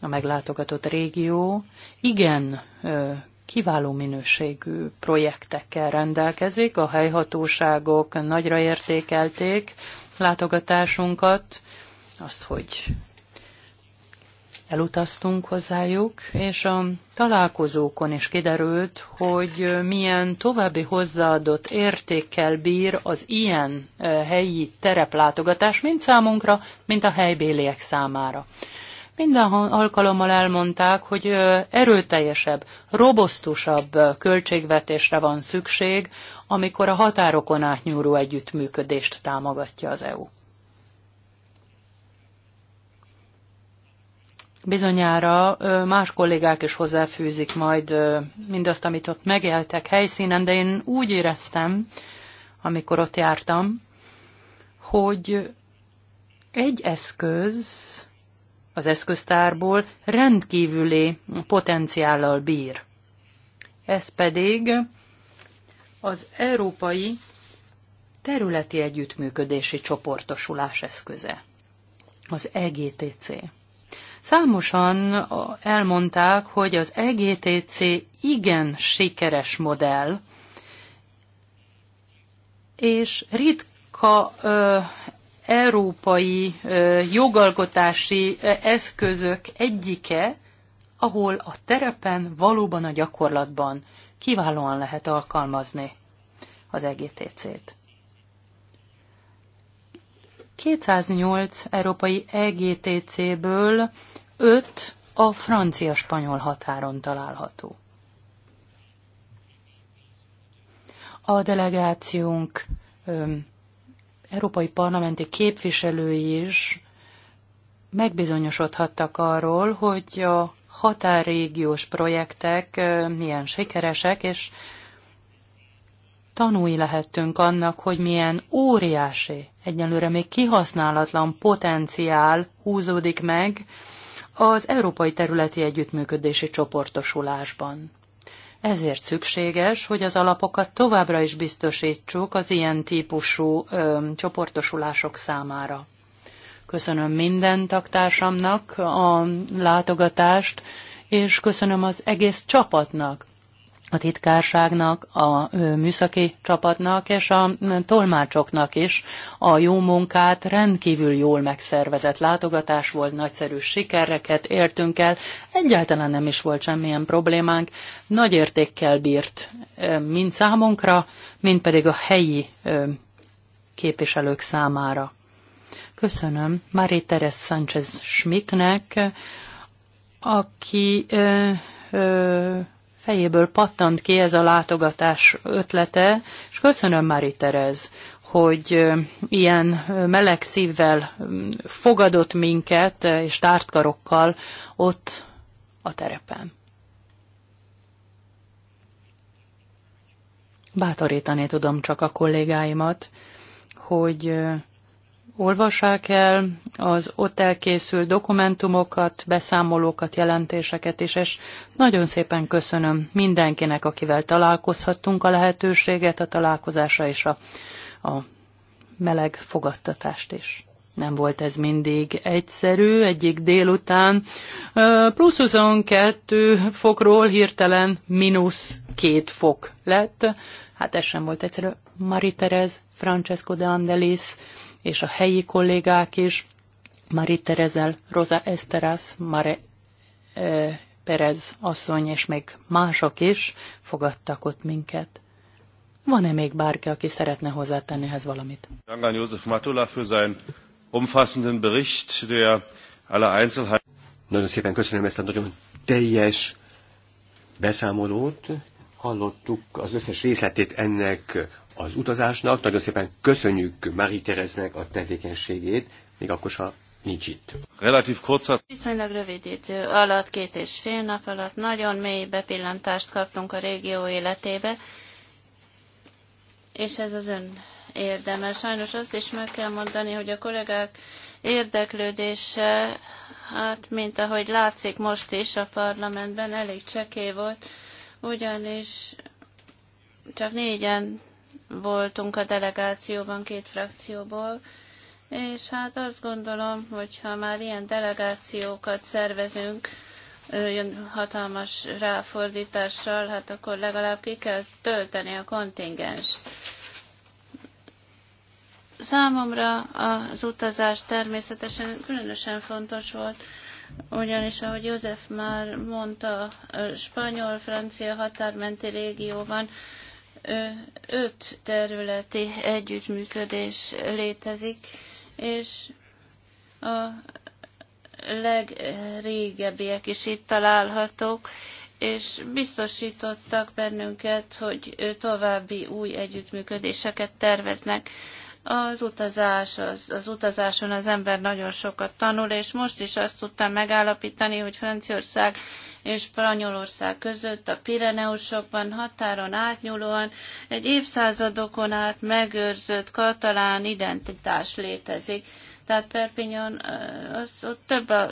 a meglátogatott régió igen kiváló minőségű projektekkel rendelkezik. A helyhatóságok nagyra értékelték látogatásunkat, azt, hogy elutaztunk hozzájuk, és a találkozókon is kiderült, hogy milyen további hozzáadott értékkel bír az ilyen eh, helyi tereplátogatás, mind számunkra, mint a helybéliek számára. Minden alkalommal elmondták, hogy erőteljesebb, robosztusabb költségvetésre van szükség, amikor a határokon átnyúló együttműködést támogatja az EU. Bizonyára más kollégák is hozzáfűzik majd mindazt, amit ott megéltek helyszínen, de én úgy éreztem, amikor ott jártam, hogy egy eszköz az eszköztárból rendkívüli potenciállal bír. Ez pedig az európai területi együttműködési csoportosulás eszköze, az EGTC. Számosan elmondták, hogy az EGTC igen sikeres modell, és ritka ö, európai jogalkotási eszközök egyike, ahol a terepen valóban a gyakorlatban kiválóan lehet alkalmazni az EGTC-t. 208 európai EGTC-ből 5 a francia-spanyol határon található. A delegációnk európai parlamenti képviselői is megbizonyosodhattak arról, hogy a határrégiós projektek milyen sikeresek, és tanúi lehettünk annak, hogy milyen óriási, egyelőre még kihasználatlan potenciál húzódik meg az Európai Területi Együttműködési Csoportosulásban. Ezért szükséges, hogy az alapokat továbbra is biztosítsuk az ilyen típusú ö, csoportosulások számára. Köszönöm minden taktársamnak a látogatást, és köszönöm az egész csapatnak, a titkárságnak, a műszaki csapatnak és a tolmácsoknak is a jó munkát, rendkívül jól megszervezett látogatás volt, nagyszerű sikereket értünk el, egyáltalán nem is volt semmilyen problémánk, nagy értékkel bírt mind számunkra, mind pedig a helyi képviselők számára. Köszönöm Marie Teres Sánchez Schmidtnek, aki ö, ö, fejéből pattant ki ez a látogatás ötlete, és köszönöm Mari Terez, hogy ilyen meleg szívvel fogadott minket, és tártkarokkal ott a terepen. Bátorítani tudom csak a kollégáimat, hogy olvassák el az ott elkészült dokumentumokat, beszámolókat, jelentéseket is, és nagyon szépen köszönöm mindenkinek, akivel találkozhattunk a lehetőséget, a találkozásra és a, a meleg fogadtatást is. Nem volt ez mindig egyszerű, egyik délután plusz 22 fokról hirtelen mínusz 2 fok lett. Hát ez sem volt egyszerű. Marie-Thérèse, Francesco de Andelis, és a helyi kollégák is, Mari Terezel, Rosa Esteras, Mare e, Perez asszony és még mások is fogadtak ott minket. Van-e még bárki, aki szeretne hozzátenni ehhez valamit? József Matula Bericht, der alle Einzelheiten... Nagyon szépen köszönöm ezt a nagyon teljes beszámolót. Hallottuk az összes részletét ennek az utazásnak. Nagyon szépen köszönjük Marie Tereznek a tevékenységét, még akkor, ha nincs itt. Relatív kurzer. Viszonylag rövid idő alatt, két és fél nap alatt nagyon mély bepillantást kaptunk a régió életébe, és ez az ön érdemel. Sajnos azt is meg kell mondani, hogy a kollégák érdeklődése, hát mint ahogy látszik most is a parlamentben, elég csekély volt, ugyanis csak négyen voltunk a delegációban két frakcióból, és hát azt gondolom, hogy ha már ilyen delegációkat szervezünk, jön hatalmas ráfordítással, hát akkor legalább ki kell tölteni a kontingens. Számomra az utazás természetesen különösen fontos volt, ugyanis ahogy József már mondta, a spanyol-francia határmenti régióban öt területi együttműködés létezik, és a legrégebbiek is itt találhatók, és biztosítottak bennünket, hogy további új együttműködéseket terveznek. Az utazás, az, az utazáson az ember nagyon sokat tanul, és most is azt tudtam megállapítani, hogy Franciaország és Spanyolország között a Pireneusokban határon átnyúlóan egy évszázadokon át megőrzött katalán identitás létezik. Tehát Perpignan, az, ott több a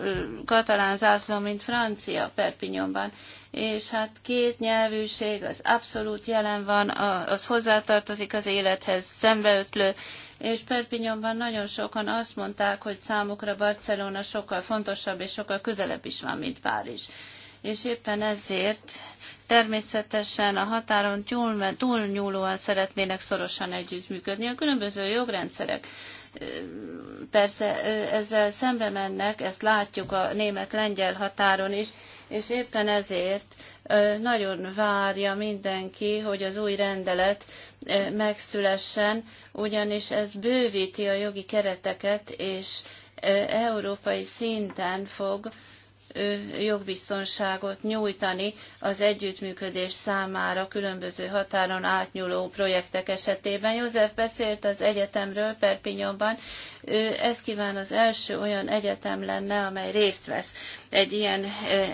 katalán zászló, mint francia Perpignanban. És hát két nyelvűség, az abszolút jelen van, az hozzátartozik az élethez, szembeötlő. És Perpignanban nagyon sokan azt mondták, hogy számukra Barcelona sokkal fontosabb és sokkal közelebb is van, mint Párizs és éppen ezért természetesen a határon túlnyúlóan szeretnének szorosan együttműködni. A különböző jogrendszerek persze ezzel szembe mennek, ezt látjuk a német-lengyel határon is, és éppen ezért nagyon várja mindenki, hogy az új rendelet megszülessen, ugyanis ez bővíti a jogi kereteket, és európai szinten fog jogbiztonságot nyújtani az együttműködés számára különböző határon átnyúló projektek esetében. József beszélt az egyetemről Perpignanban, ez kíván az első olyan egyetem lenne, amely részt vesz egy ilyen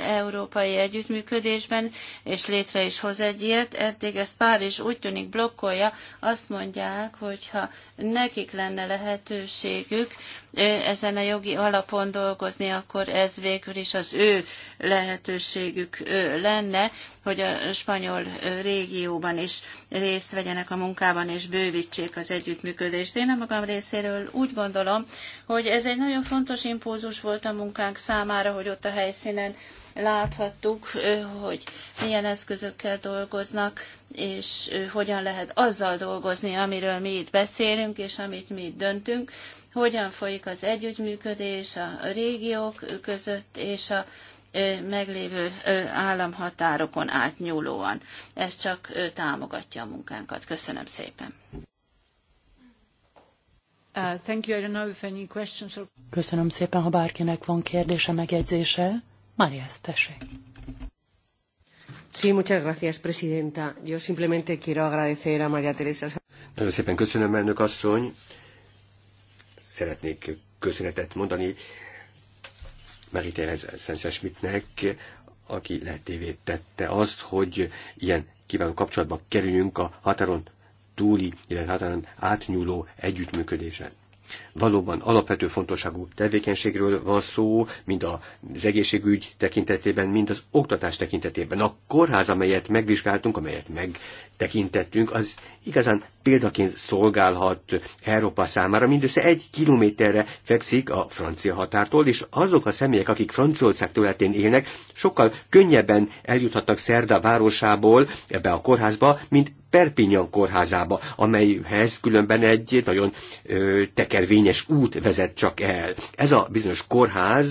európai együttműködésben és létre is hoz egy ilyet. Eddig ezt Párizs úgy tűnik blokkolja, azt mondják, hogyha nekik lenne lehetőségük ezen a jogi alapon dolgozni, akkor ez végül is az ő lehetőségük lenne, hogy a spanyol régióban is részt vegyenek a munkában, és bővítsék az együttműködést. Én a magam részéről úgy gondolom, gondolom, hogy ez egy nagyon fontos impulzus volt a munkánk számára, hogy ott a helyszínen láthattuk, hogy milyen eszközökkel dolgoznak, és hogyan lehet azzal dolgozni, amiről mi itt beszélünk, és amit mi itt döntünk, hogyan folyik az együttműködés a régiók között, és a meglévő államhatárokon átnyúlóan. Ez csak támogatja a munkánkat. Köszönöm szépen. Köszönöm szépen, ha bárkinek van kérdése, megjegyzése. Maria tessék. Sí, muchas gracias, presidenta. Yo simplemente quiero agradecer a María Teresa. Nagyon szépen köszönöm, elnök asszony. Szeretnék köszönetet mondani Marie-Thérèse schmidtnek aki lehetővé tette azt, hogy ilyen kiváló kapcsolatba kerüljünk a határon túli, illetve határán átnyúló együttműködése. Valóban alapvető fontosságú tevékenységről van szó, mind az egészségügy tekintetében, mind az oktatás tekintetében. A kórház, amelyet megvizsgáltunk, amelyet meg tekintettünk, az igazán példaként szolgálhat Európa számára. Mindössze egy kilométerre fekszik a francia határtól, és azok a személyek, akik Franciaország területén élnek, sokkal könnyebben eljuthatnak Szerda városából ebbe a kórházba, mint Perpignan kórházába, amelyhez különben egy nagyon ö, tekervényes út vezet csak el. Ez a bizonyos kórház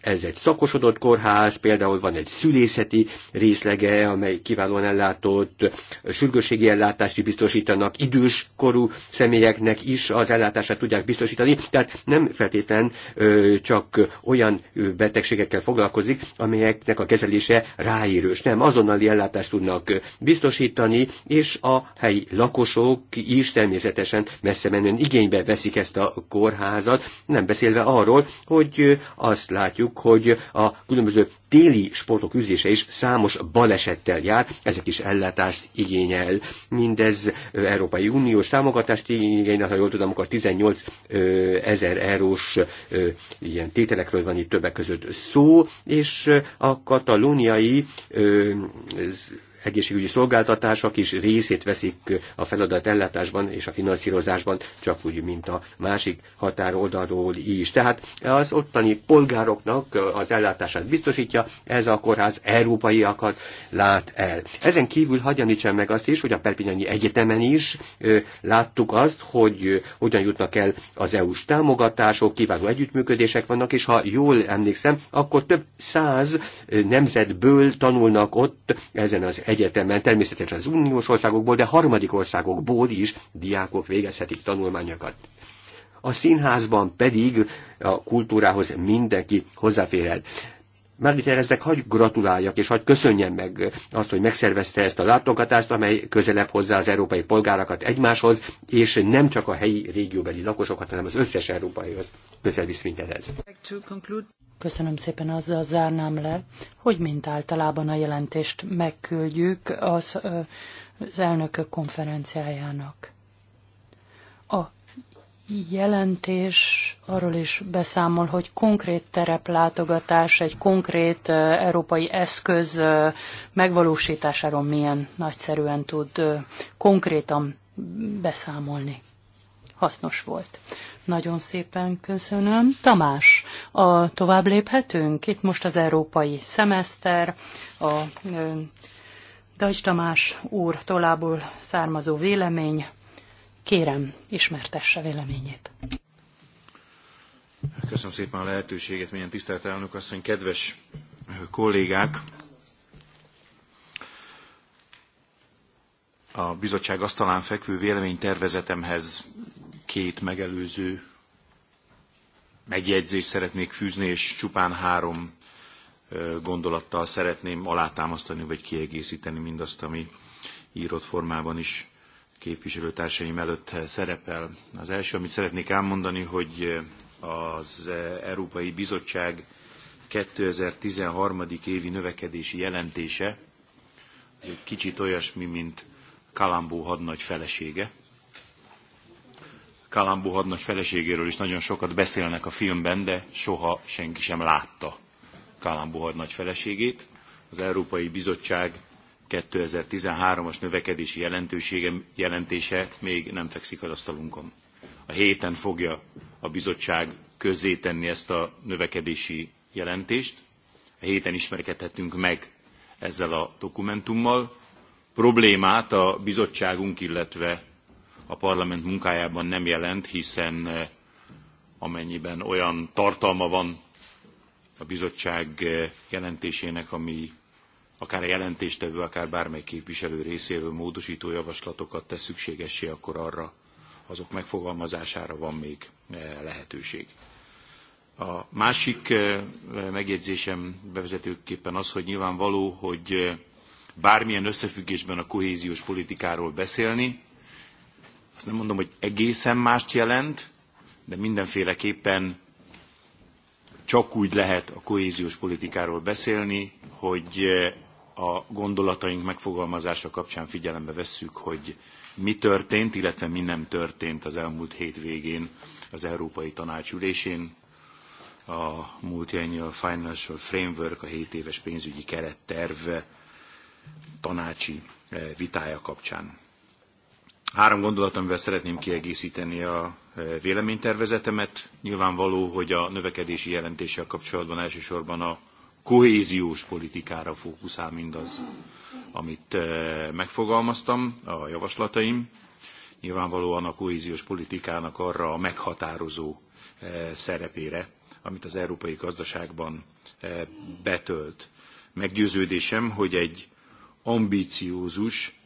ez egy szakosodott kórház, például van egy szülészeti részlege, amely kiválóan ellátott, sürgősségi ellátást biztosítanak, idős korú személyeknek is az ellátását tudják biztosítani, tehát nem feltétlen csak olyan betegségekkel foglalkozik, amelyeknek a kezelése ráírős. Nem, azonnali ellátást tudnak biztosítani, és a helyi lakosok is természetesen messze menően igénybe veszik ezt a kórházat, nem beszélve arról, hogy azt látjuk, tudjuk, hogy a különböző téli sportok üzése is számos balesettel jár, ezek is ellátást igényel. Mindez Európai Uniós támogatást igényel, ha jól tudom, akkor 18 ezer eurós ilyen tételekről van itt többek között szó, és a katalóniai egészségügyi szolgáltatások is részét veszik a feladat ellátásban és a finanszírozásban, csak úgy, mint a másik határoldalról is. Tehát az ottani polgároknak az ellátását biztosítja, ez a kórház európaiakat lát el. Ezen kívül hagyanítsen meg azt is, hogy a Perpignani Egyetemen is láttuk azt, hogy hogyan jutnak el az EU-s támogatások, kiváló együttműködések vannak, és ha jól emlékszem, akkor több száz nemzetből tanulnak ott ezen az egyetemen, természetesen az uniós országokból, de harmadik országokból is diákok végezhetik tanulmányokat. A színházban pedig a kultúrához mindenki hozzáférhet. Margit Ereznek hagy gratuláljak, és hagy köszönjem meg azt, hogy megszervezte ezt a látogatást, amely közelebb hozzá az európai polgárakat egymáshoz, és nem csak a helyi régióbeli lakosokat, hanem az összes európaihoz közel visz ez. Köszönöm szépen, azzal zárnám le, hogy mint általában a jelentést megküldjük az, az elnökök konferenciájának. A jelentés arról is beszámol, hogy konkrét tereplátogatás, egy konkrét európai eszköz megvalósításáról milyen nagyszerűen tud konkrétan beszámolni. Hasznos volt. Nagyon szépen köszönöm. Tamás, a, tovább léphetünk? Itt most az európai szemeszter, a Dajs Tamás úr tolából származó vélemény, Kérem, ismertesse véleményét. Köszönöm szépen a lehetőséget, milyen tisztelt elnök asszony, kedves kollégák! A bizottság asztalán fekvő véleménytervezetemhez két megelőző megjegyzést szeretnék fűzni, és csupán három gondolattal szeretném alátámasztani vagy kiegészíteni mindazt, ami írott formában is képviselőtársaim előtt szerepel. Az első, amit szeretnék elmondani, hogy az Európai Bizottság 2013. évi növekedési jelentése, az egy kicsit olyasmi, mint Kalambó hadnagy felesége. Kalambó hadnagy feleségéről is nagyon sokat beszélnek a filmben, de soha senki sem látta Kalambó hadnagy feleségét. Az Európai Bizottság 2013-as növekedési jelentősége, jelentése még nem fekszik az asztalunkon. A héten fogja a bizottság tenni ezt a növekedési jelentést. A héten ismerkedhetünk meg ezzel a dokumentummal. Problémát a bizottságunk, illetve a parlament munkájában nem jelent, hiszen eh, amennyiben olyan tartalma van a bizottság eh, jelentésének, ami akár a jelentéstevő, akár bármely képviselő részéről módosító javaslatokat tesz szükségessé, akkor arra azok megfogalmazására van még eh, lehetőség. A másik eh, megjegyzésem bevezetőképpen az, hogy nyilvánvaló, hogy eh, bármilyen összefüggésben a kohéziós politikáról beszélni, azt nem mondom, hogy egészen mást jelent, de mindenféleképpen csak úgy lehet a kohéziós politikáról beszélni, hogy a gondolataink megfogalmazása kapcsán figyelembe vesszük, hogy mi történt, illetve mi nem történt az elmúlt hétvégén az Európai Tanács ülésén. A Multiannual Financial Framework, a 7 éves pénzügyi keretterve tanácsi eh, vitája kapcsán. Három gondolat, amivel szeretném kiegészíteni a eh, véleménytervezetemet. Nyilvánvaló, hogy a növekedési jelentéssel kapcsolatban elsősorban a kohéziós politikára fókuszál mindaz, amit eh, megfogalmaztam, a javaslataim. Nyilvánvalóan a kohéziós politikának arra a meghatározó eh, szerepére, amit az európai gazdaságban eh, betölt. Meggyőződésem, hogy egy ambíciózus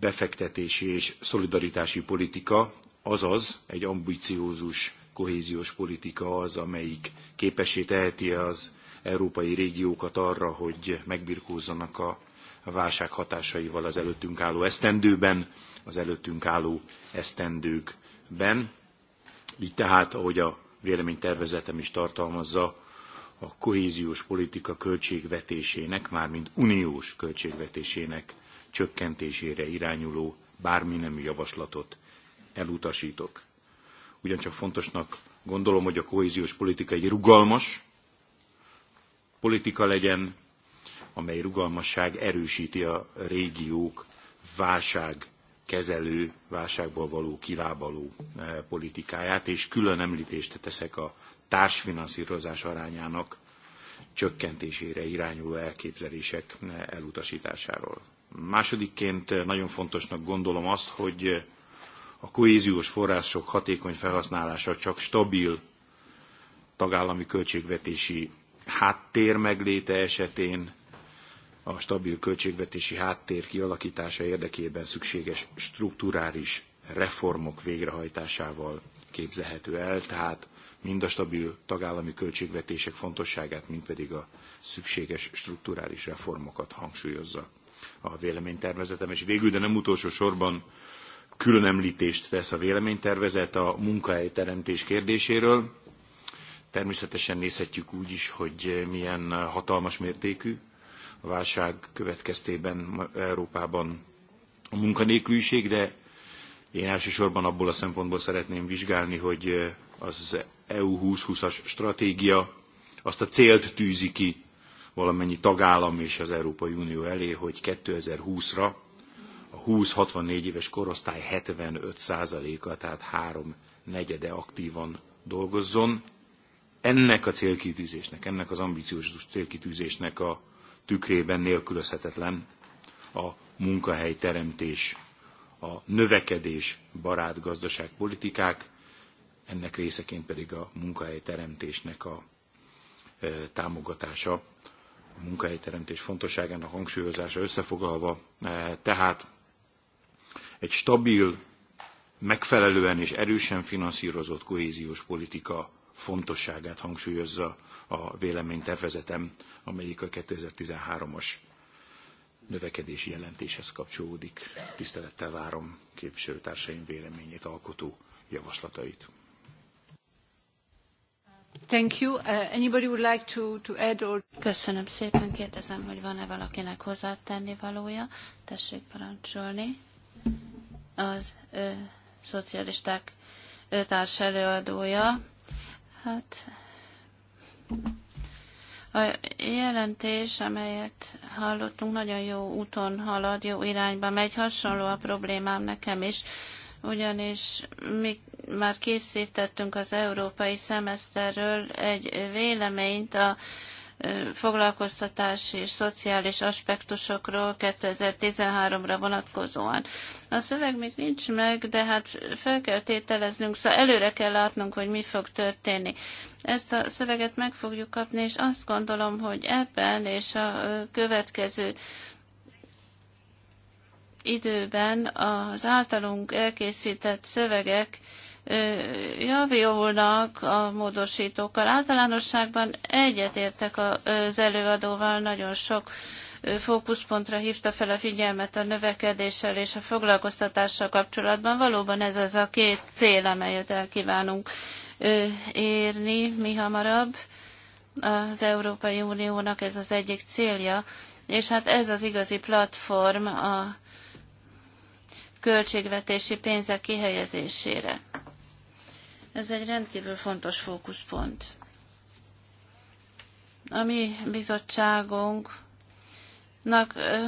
befektetési és szolidaritási politika, azaz egy ambíciózus kohéziós politika az, amelyik képessé teheti az európai régiókat arra, hogy megbirkózzanak a válság hatásaival az előttünk álló esztendőben, az előttünk álló esztendőkben. Így tehát, ahogy a véleménytervezetem is tartalmazza, a kohéziós politika költségvetésének, mármint uniós költségvetésének csökkentésére irányuló bárminemű javaslatot elutasítok. Ugyancsak fontosnak gondolom, hogy a kohéziós politika egy rugalmas, politika legyen, amely rugalmasság erősíti a régiók válságkezelő, válságból való kilábaló eh, politikáját, és külön említést teszek a társfinanszírozás arányának csökkentésére irányuló elképzelések eh, elutasításáról. Másodikként eh, nagyon fontosnak gondolom azt, hogy a kohéziós források hatékony felhasználása csak stabil tagállami költségvetési háttér megléte esetén a stabil költségvetési háttér kialakítása érdekében szükséges strukturális reformok végrehajtásával képzelhető el, tehát mind a stabil tagállami költségvetések fontosságát, mind pedig a szükséges strukturális reformokat hangsúlyozza a véleménytervezetem, és végül, de nem utolsó sorban külön említést tesz a véleménytervezet a munkahelyteremtés kérdéséről. Természetesen nézhetjük úgy is, hogy milyen hatalmas mértékű a válság következtében Európában a munkanélküliség, de én elsősorban abból a szempontból szeretném vizsgálni, hogy az EU 2020-as stratégia azt a célt tűzi ki valamennyi tagállam és az Európai Unió elé, hogy 2020-ra a 20-64 éves korosztály 75%-a, tehát három negyede aktívan dolgozzon, ennek a célkitűzésnek, ennek az ambiciózus célkitűzésnek a tükrében nélkülözhetetlen a munkahelyteremtés, a növekedés barát gazdaságpolitikák, ennek részeként pedig a munkahelyteremtésnek a e, támogatása, a munkahelyteremtés fontosságának hangsúlyozása összefoglalva. E, tehát egy stabil, megfelelően és erősen finanszírozott kohéziós politika fontosságát hangsúlyozza a véleménytervezetem, amelyik a 2013-as növekedési jelentéshez kapcsolódik. Tisztelettel várom képviselőtársaim véleményét, alkotó javaslatait. Thank you. Uh, anybody would like to, to add or... Köszönöm szépen, kérdezem, hogy van-e valakinek hozzátenni valója. Tessék parancsolni. Az uh, szocialisták uh, társ előadója Hát a jelentés, amelyet hallottunk, nagyon jó úton halad, jó irányba megy. Hasonló a problémám nekem is, ugyanis mi már készítettünk az európai szemeszterről egy véleményt a foglalkoztatási és szociális aspektusokról 2013-ra vonatkozóan. A szöveg még nincs meg, de hát fel kell tételeznünk, szóval előre kell látnunk, hogy mi fog történni. Ezt a szöveget meg fogjuk kapni, és azt gondolom, hogy ebben és a következő időben az általunk elkészített szövegek javulnak a módosítókkal. Általánosságban egyetértek az előadóval, nagyon sok fókuszpontra hívta fel a figyelmet a növekedéssel és a foglalkoztatással kapcsolatban. Valóban ez az a két cél, amelyet el kívánunk érni mi hamarabb. Az Európai Uniónak ez az egyik célja, és hát ez az igazi platform a költségvetési pénzek kihelyezésére. Ez egy rendkívül fontos fókuszpont. A mi bizottságunknak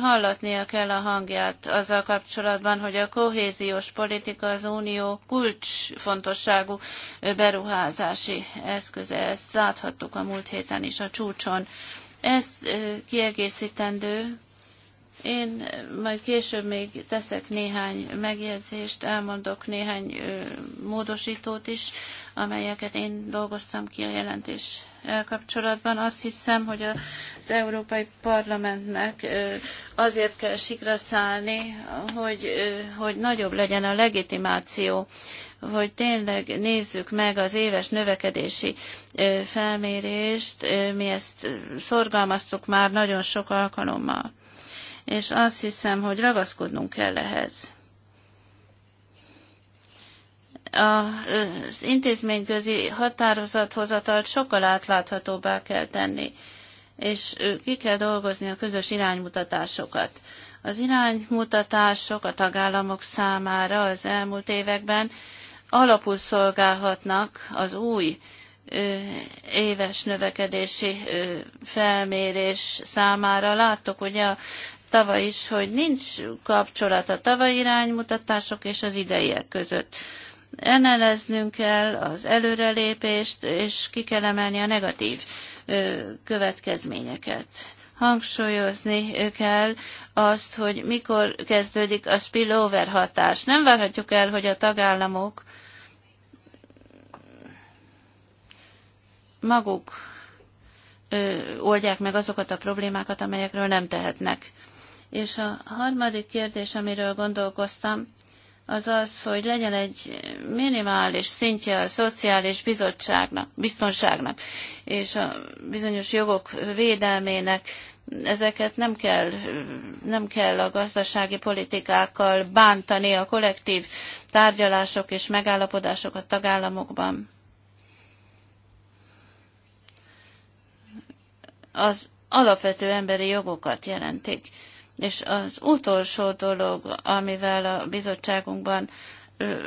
hallatnia kell a hangját azzal kapcsolatban, hogy a kohéziós politika az unió kulcsfontosságú beruházási eszköze. Ezt láthattuk a múlt héten is a csúcson. Ezt kiegészítendő én majd később még teszek néhány megjegyzést, elmondok néhány módosítót is, amelyeket én dolgoztam ki a jelentés kapcsolatban. Azt hiszem, hogy az Európai Parlamentnek azért kell sikra szállni, hogy, hogy nagyobb legyen a legitimáció hogy tényleg nézzük meg az éves növekedési felmérést, mi ezt szorgalmaztuk már nagyon sok alkalommal és azt hiszem, hogy ragaszkodnunk kell ehhez. Az intézményközi határozathozatalt sokkal átláthatóbbá kell tenni, és ki kell dolgozni a közös iránymutatásokat. Az iránymutatások a tagállamok számára az elmúlt években alapul szolgálhatnak az új éves növekedési felmérés számára. Láttuk ugye a tavaly is, hogy nincs kapcsolat a tavalyi iránymutatások és az idejek között. Eneleznünk kell az előrelépést, és ki kell emelni a negatív következményeket hangsúlyozni kell azt, hogy mikor kezdődik a spillover hatás. Nem várhatjuk el, hogy a tagállamok maguk oldják meg azokat a problémákat, amelyekről nem tehetnek. És a harmadik kérdés, amiről gondolkoztam, az az, hogy legyen egy minimális szintje a szociális bizottságnak, biztonságnak, és a bizonyos jogok védelmének, ezeket nem kell, nem kell a gazdasági politikákkal bántani a kollektív tárgyalások és megállapodások a tagállamokban. Az alapvető emberi jogokat jelentik és az utolsó dolog, amivel a bizottságunkban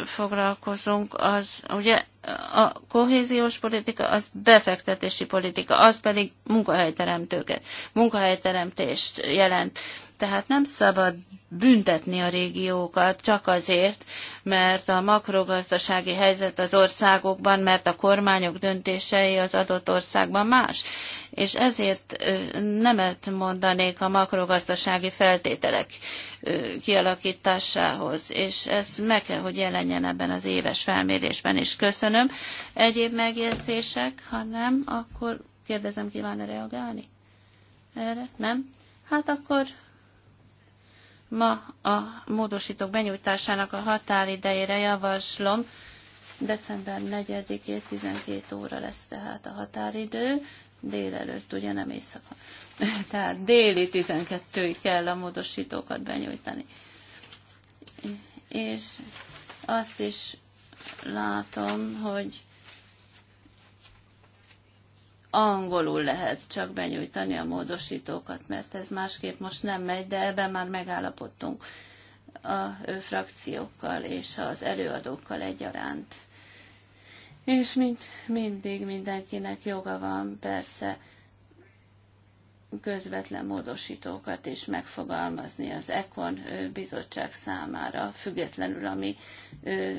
foglalkozunk, az ugye a kohéziós politika az befektetési politika, az pedig munkahelyteremtőket, munkahelyteremtést jelent. Tehát nem szabad büntetni a régiókat csak azért, mert a makrogazdasági helyzet az országokban, mert a kormányok döntései az adott országban más. És ezért nemet mondanék a makrogazdasági feltételek kialakításához, és ez meg kell, hogy jelenjen ebben az éves felmérésben is. Köszönöm. Köszönöm. Egyéb megjegyzések? Ha nem, akkor kérdezem, kíván-e reagálni? Erre? Nem? Hát akkor ma a módosítók benyújtásának a határidejére javaslom. December 4-ét 12 óra lesz tehát a határidő, délelőtt, ugye nem éjszaka. Tehát déli 12-ig kell a módosítókat benyújtani. És azt is látom, hogy angolul lehet csak benyújtani a módosítókat, mert ez másképp most nem megy, de ebben már megállapodtunk a frakciókkal és az előadókkal egyaránt. És mint mindig mindenkinek joga van persze közvetlen módosítókat is megfogalmazni az ECON bizottság számára, függetlenül ami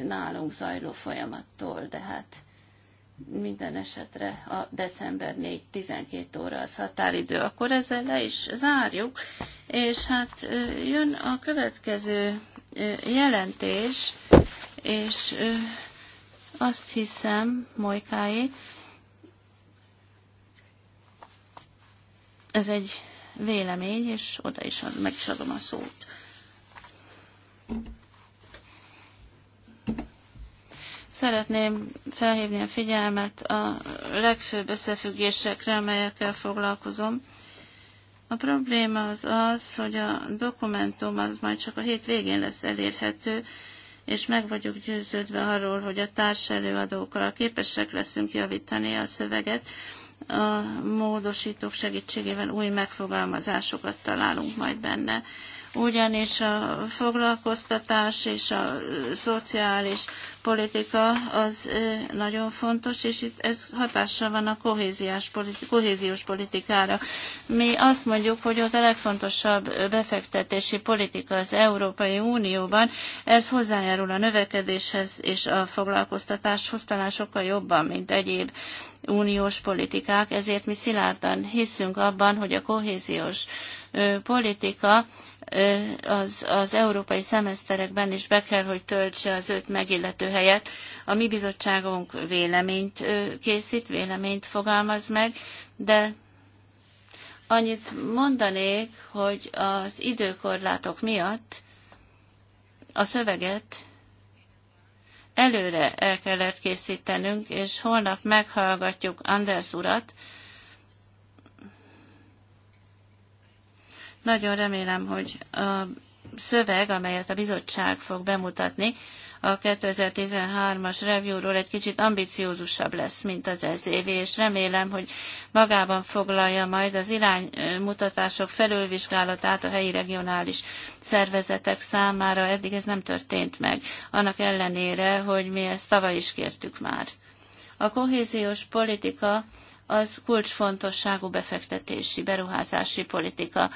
nálunk zajló folyamattól, de hát minden esetre a december 4 12 óra az határidő, akkor ezzel le is zárjuk, és hát jön a következő jelentés, és azt hiszem, Mojkáé, Ez egy vélemény, és oda is ad, meg is adom a szót. Szeretném felhívni a figyelmet a legfőbb összefüggésekre, amelyekkel foglalkozom. A probléma az az, hogy a dokumentum az majd csak a hét végén lesz elérhető, és meg vagyok győződve arról, hogy a társelőadókkal képesek leszünk javítani a szöveget, a módosítók segítségével új megfogalmazásokat találunk majd benne. Ugyanis a foglalkoztatás és a szociális politika az nagyon fontos, és itt ez hatással van a kohéziós, politi- kohéziós politikára. Mi azt mondjuk, hogy az a legfontosabb befektetési politika az Európai Unióban, ez hozzájárul a növekedéshez és a foglalkoztatáshoz talán sokkal jobban, mint egyéb uniós politikák, ezért mi szilárdan hiszünk abban, hogy a kohéziós politika az, az európai szemeszterekben is be kell, hogy töltse az őt megillető helyet. A mi bizottságunk véleményt készít, véleményt fogalmaz meg, de annyit mondanék, hogy az időkorlátok miatt a szöveget előre el kellett készítenünk, és holnap meghallgatjuk Anders urat. Nagyon remélem, hogy a szöveg, amelyet a bizottság fog bemutatni, a 2013-as review-ról egy kicsit ambiciózusabb lesz, mint az ez év, és remélem, hogy magában foglalja majd az iránymutatások felülvizsgálatát a helyi regionális szervezetek számára. Eddig ez nem történt meg, annak ellenére, hogy mi ezt tavaly is kértük már. A kohéziós politika az kulcsfontosságú befektetési, beruházási politika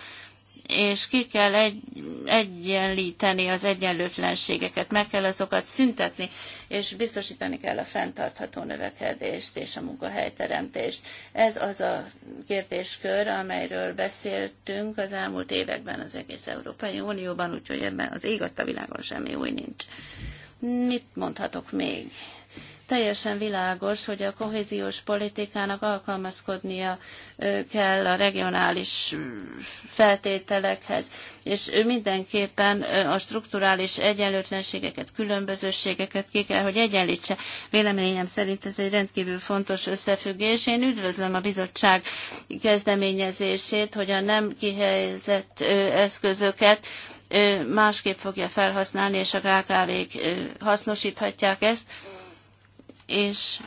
és ki kell egy, egyenlíteni az egyenlőtlenségeket, meg kell azokat szüntetni, és biztosítani kell a fenntartható növekedést és a munkahelyteremtést. Ez az a kérdéskör, amelyről beszéltünk az elmúlt években az egész Európai Unióban, úgyhogy ebben az ég a világon semmi új nincs. Mit mondhatok még? teljesen világos, hogy a kohéziós politikának alkalmazkodnia kell a regionális feltételekhez, és mindenképpen a strukturális egyenlőtlenségeket, különbözőségeket ki kell, hogy egyenlítse. Véleményem szerint ez egy rendkívül fontos összefüggés. Én üdvözlöm a bizottság kezdeményezését, hogy a nem kihelyezett eszközöket másképp fogja felhasználni, és a KKV-k hasznosíthatják ezt és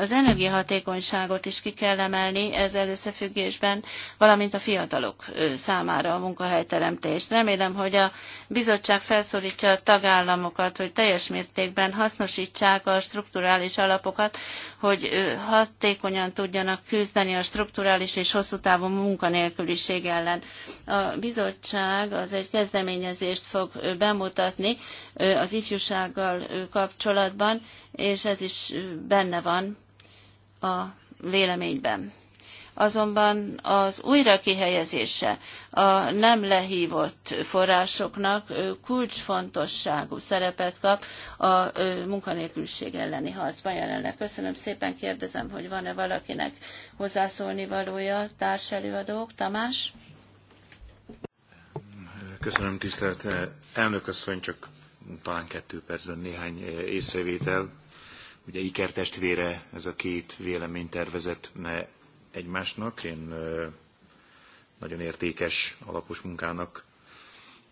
az energiahatékonyságot is ki kell emelni ezzel összefüggésben, valamint a fiatalok számára a munkahelyteremtést. Remélem, hogy a bizottság felszólítja a tagállamokat, hogy teljes mértékben hasznosítsák a strukturális alapokat, hogy hatékonyan tudjanak küzdeni a strukturális és hosszú távú munkanélküliség ellen. A bizottság az egy kezdeményezést fog bemutatni az ifjúsággal kapcsolatban, és ez is benne van a véleményben. Azonban az újra kihelyezése a nem lehívott forrásoknak kulcsfontosságú szerepet kap a munkanélküliség elleni harcban jelenleg. Köszönöm szépen, kérdezem, hogy van-e valakinek hozzászólni valója, társelőadók, Tamás? Köszönöm, tisztelt eh, elnök asszony, csak talán kettő percben néhány eh, észrevétel Ugye ikertestvére ez a két véleménytervezet ne egymásnak. Én nagyon értékes, alapos munkának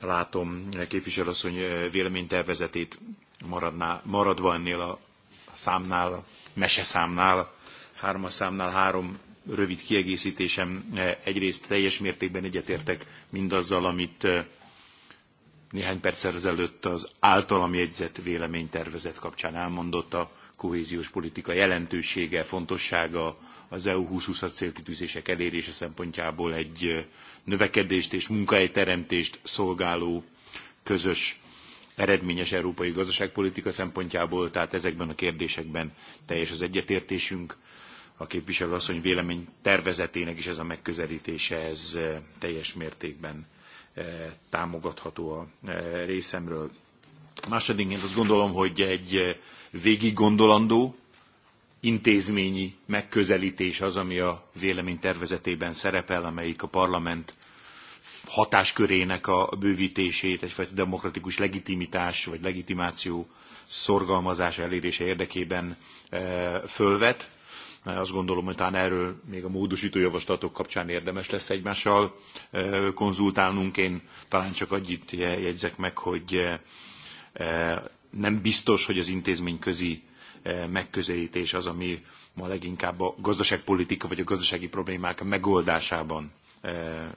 látom képviselőasszony véleménytervezetét maradná, maradva ennél a számnál, a meseszámnál, hármas számnál három rövid kiegészítésem. Egyrészt teljes mértékben egyetértek mindazzal, amit néhány perccel ezelőtt az általam jegyzett véleménytervezet kapcsán elmondott a kohéziós politika jelentősége, fontossága az EU 2020 célkitűzések elérése szempontjából egy növekedést és munkahelyteremtést szolgáló közös eredményes európai gazdaságpolitika szempontjából, tehát ezekben a kérdésekben teljes az egyetértésünk. A képviselőasszony vélemény tervezetének is ez a megközelítése, ez teljes mértékben támogatható a részemről. Másodikként azt gondolom, hogy egy végig intézményi megközelítés az, ami a véleménytervezetében szerepel, amelyik a parlament hatáskörének a bővítését, egyfajta demokratikus legitimitás vagy legitimáció szorgalmazása elérése érdekében eh, fölvet. Eh, azt gondolom, hogy talán erről még a módosító javaslatok kapcsán érdemes lesz egymással eh, konzultálnunk. Én talán csak annyit jegyzek meg, hogy nem biztos, hogy az intézményközi eh, megközelítés az, ami ma leginkább a gazdaságpolitika vagy a gazdasági problémák megoldásában eh, eh,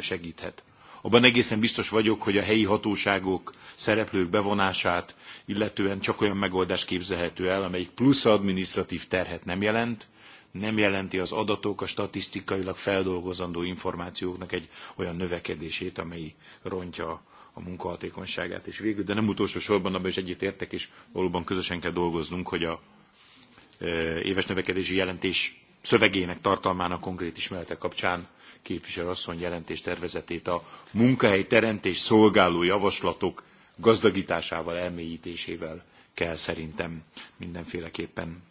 segíthet. Abban egészen biztos vagyok, hogy a helyi hatóságok, szereplők bevonását illetően csak olyan megoldás képzelhető el, amelyik plusz adminisztratív terhet nem jelent, nem jelenti az adatok, a statisztikailag feldolgozandó információknak egy olyan növekedését, amely rontja a munkahatékonyságát, és végül, de nem utolsó sorban abban is egyet értek, és valóban közösen kell dolgoznunk, hogy a e, éves növekedési jelentés szövegének tartalmának konkrét ismerete kapcsán képviselő asszony jelentés tervezetét a munkahely teremtés szolgáló javaslatok gazdagításával, elmélyítésével kell szerintem mindenféleképpen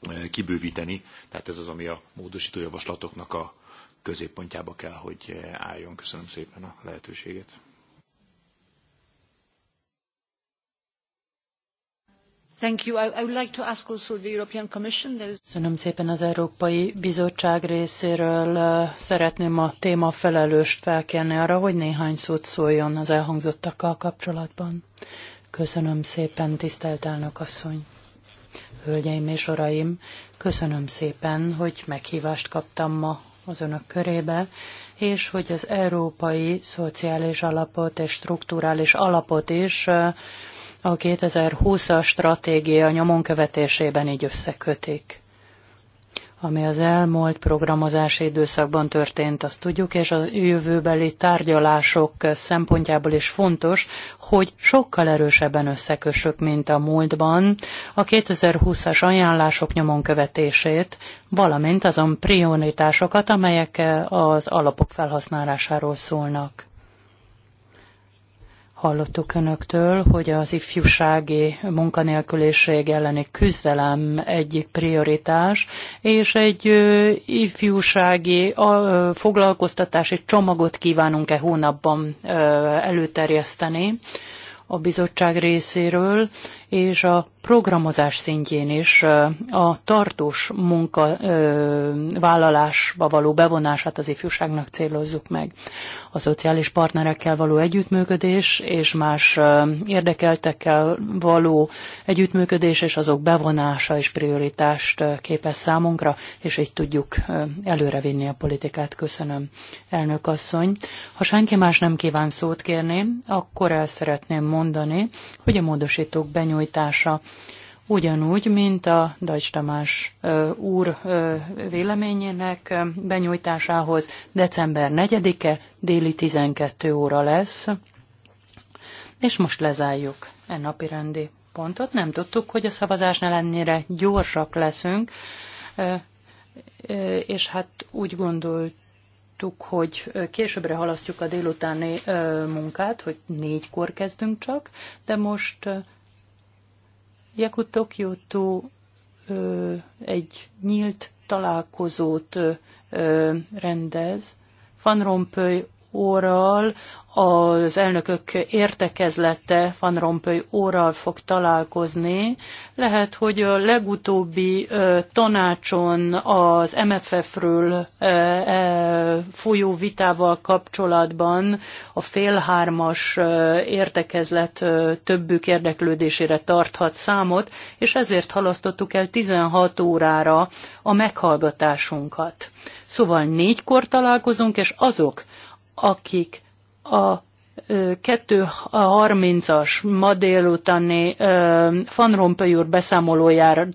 e, kibővíteni. Tehát ez az, ami a módosító javaslatoknak a középpontjába kell, hogy e, álljon. Köszönöm szépen a lehetőséget. Köszönöm szépen az Európai Bizottság részéről. Szeretném a téma felelőst felkérni arra, hogy néhány szót szóljon az elhangzottakkal kapcsolatban. Köszönöm szépen, tisztelt elnök asszony. Hölgyeim és uraim, köszönöm szépen, hogy meghívást kaptam ma az önök körébe, és hogy az európai szociális alapot és strukturális alapot is a 2020-as stratégia nyomon követésében így összekötik ami az elmúlt programozási időszakban történt, azt tudjuk, és a jövőbeli tárgyalások szempontjából is fontos, hogy sokkal erősebben összekössük, mint a múltban a 2020-as ajánlások nyomon követését, valamint azon prioritásokat, amelyek az alapok felhasználásáról szólnak. Hallottuk önöktől, hogy az ifjúsági munkanélküliség elleni küzdelem egyik prioritás, és egy ifjúsági foglalkoztatási csomagot kívánunk-e hónapban előterjeszteni a bizottság részéről, és a programozás szintjén is a tartós munkavállalásba való bevonását az ifjúságnak célozzuk meg. A szociális partnerekkel való együttműködés és más érdekeltekkel való együttműködés és azok bevonása is prioritást képez számunkra, és így tudjuk előrevinni a politikát. Köszönöm, elnök asszony. Ha senki más nem kíván szót kérni, akkor el szeretném mondani, hogy a módosítók benyújtják benyújtása. Ugyanúgy, mint a Dajcs Tamás úr véleményének benyújtásához december 4-e déli 12 óra lesz, és most lezárjuk e napi rendi pontot. Nem tudtuk, hogy a szavazásnál ennyire gyorsak leszünk, és hát úgy gondolt, hogy későbbre halasztjuk a délutáni munkát, hogy négykor kezdünk csak, de most Jakut Tó egy nyílt találkozót rendez. Van Rompöy úrral, az elnökök értekezlete Van Rompuy óral fog találkozni. Lehet, hogy a legutóbbi tanácson az MFF-ről e, folyó vitával kapcsolatban a félhármas értekezlet többük érdeklődésére tarthat számot, és ezért halasztottuk el 16 órára a meghallgatásunkat. Szóval négykor találkozunk, és azok, akik a 2.30-as ma délutáni Van Rompuy úr beszámolójára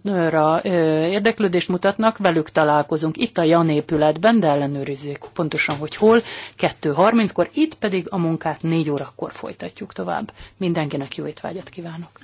érdeklődést mutatnak, velük találkozunk itt a Jan épületben, de ellenőrizzük pontosan, hogy hol, 2.30-kor, itt pedig a munkát 4 órakor folytatjuk tovább. Mindenkinek jó étvágyat kívánok!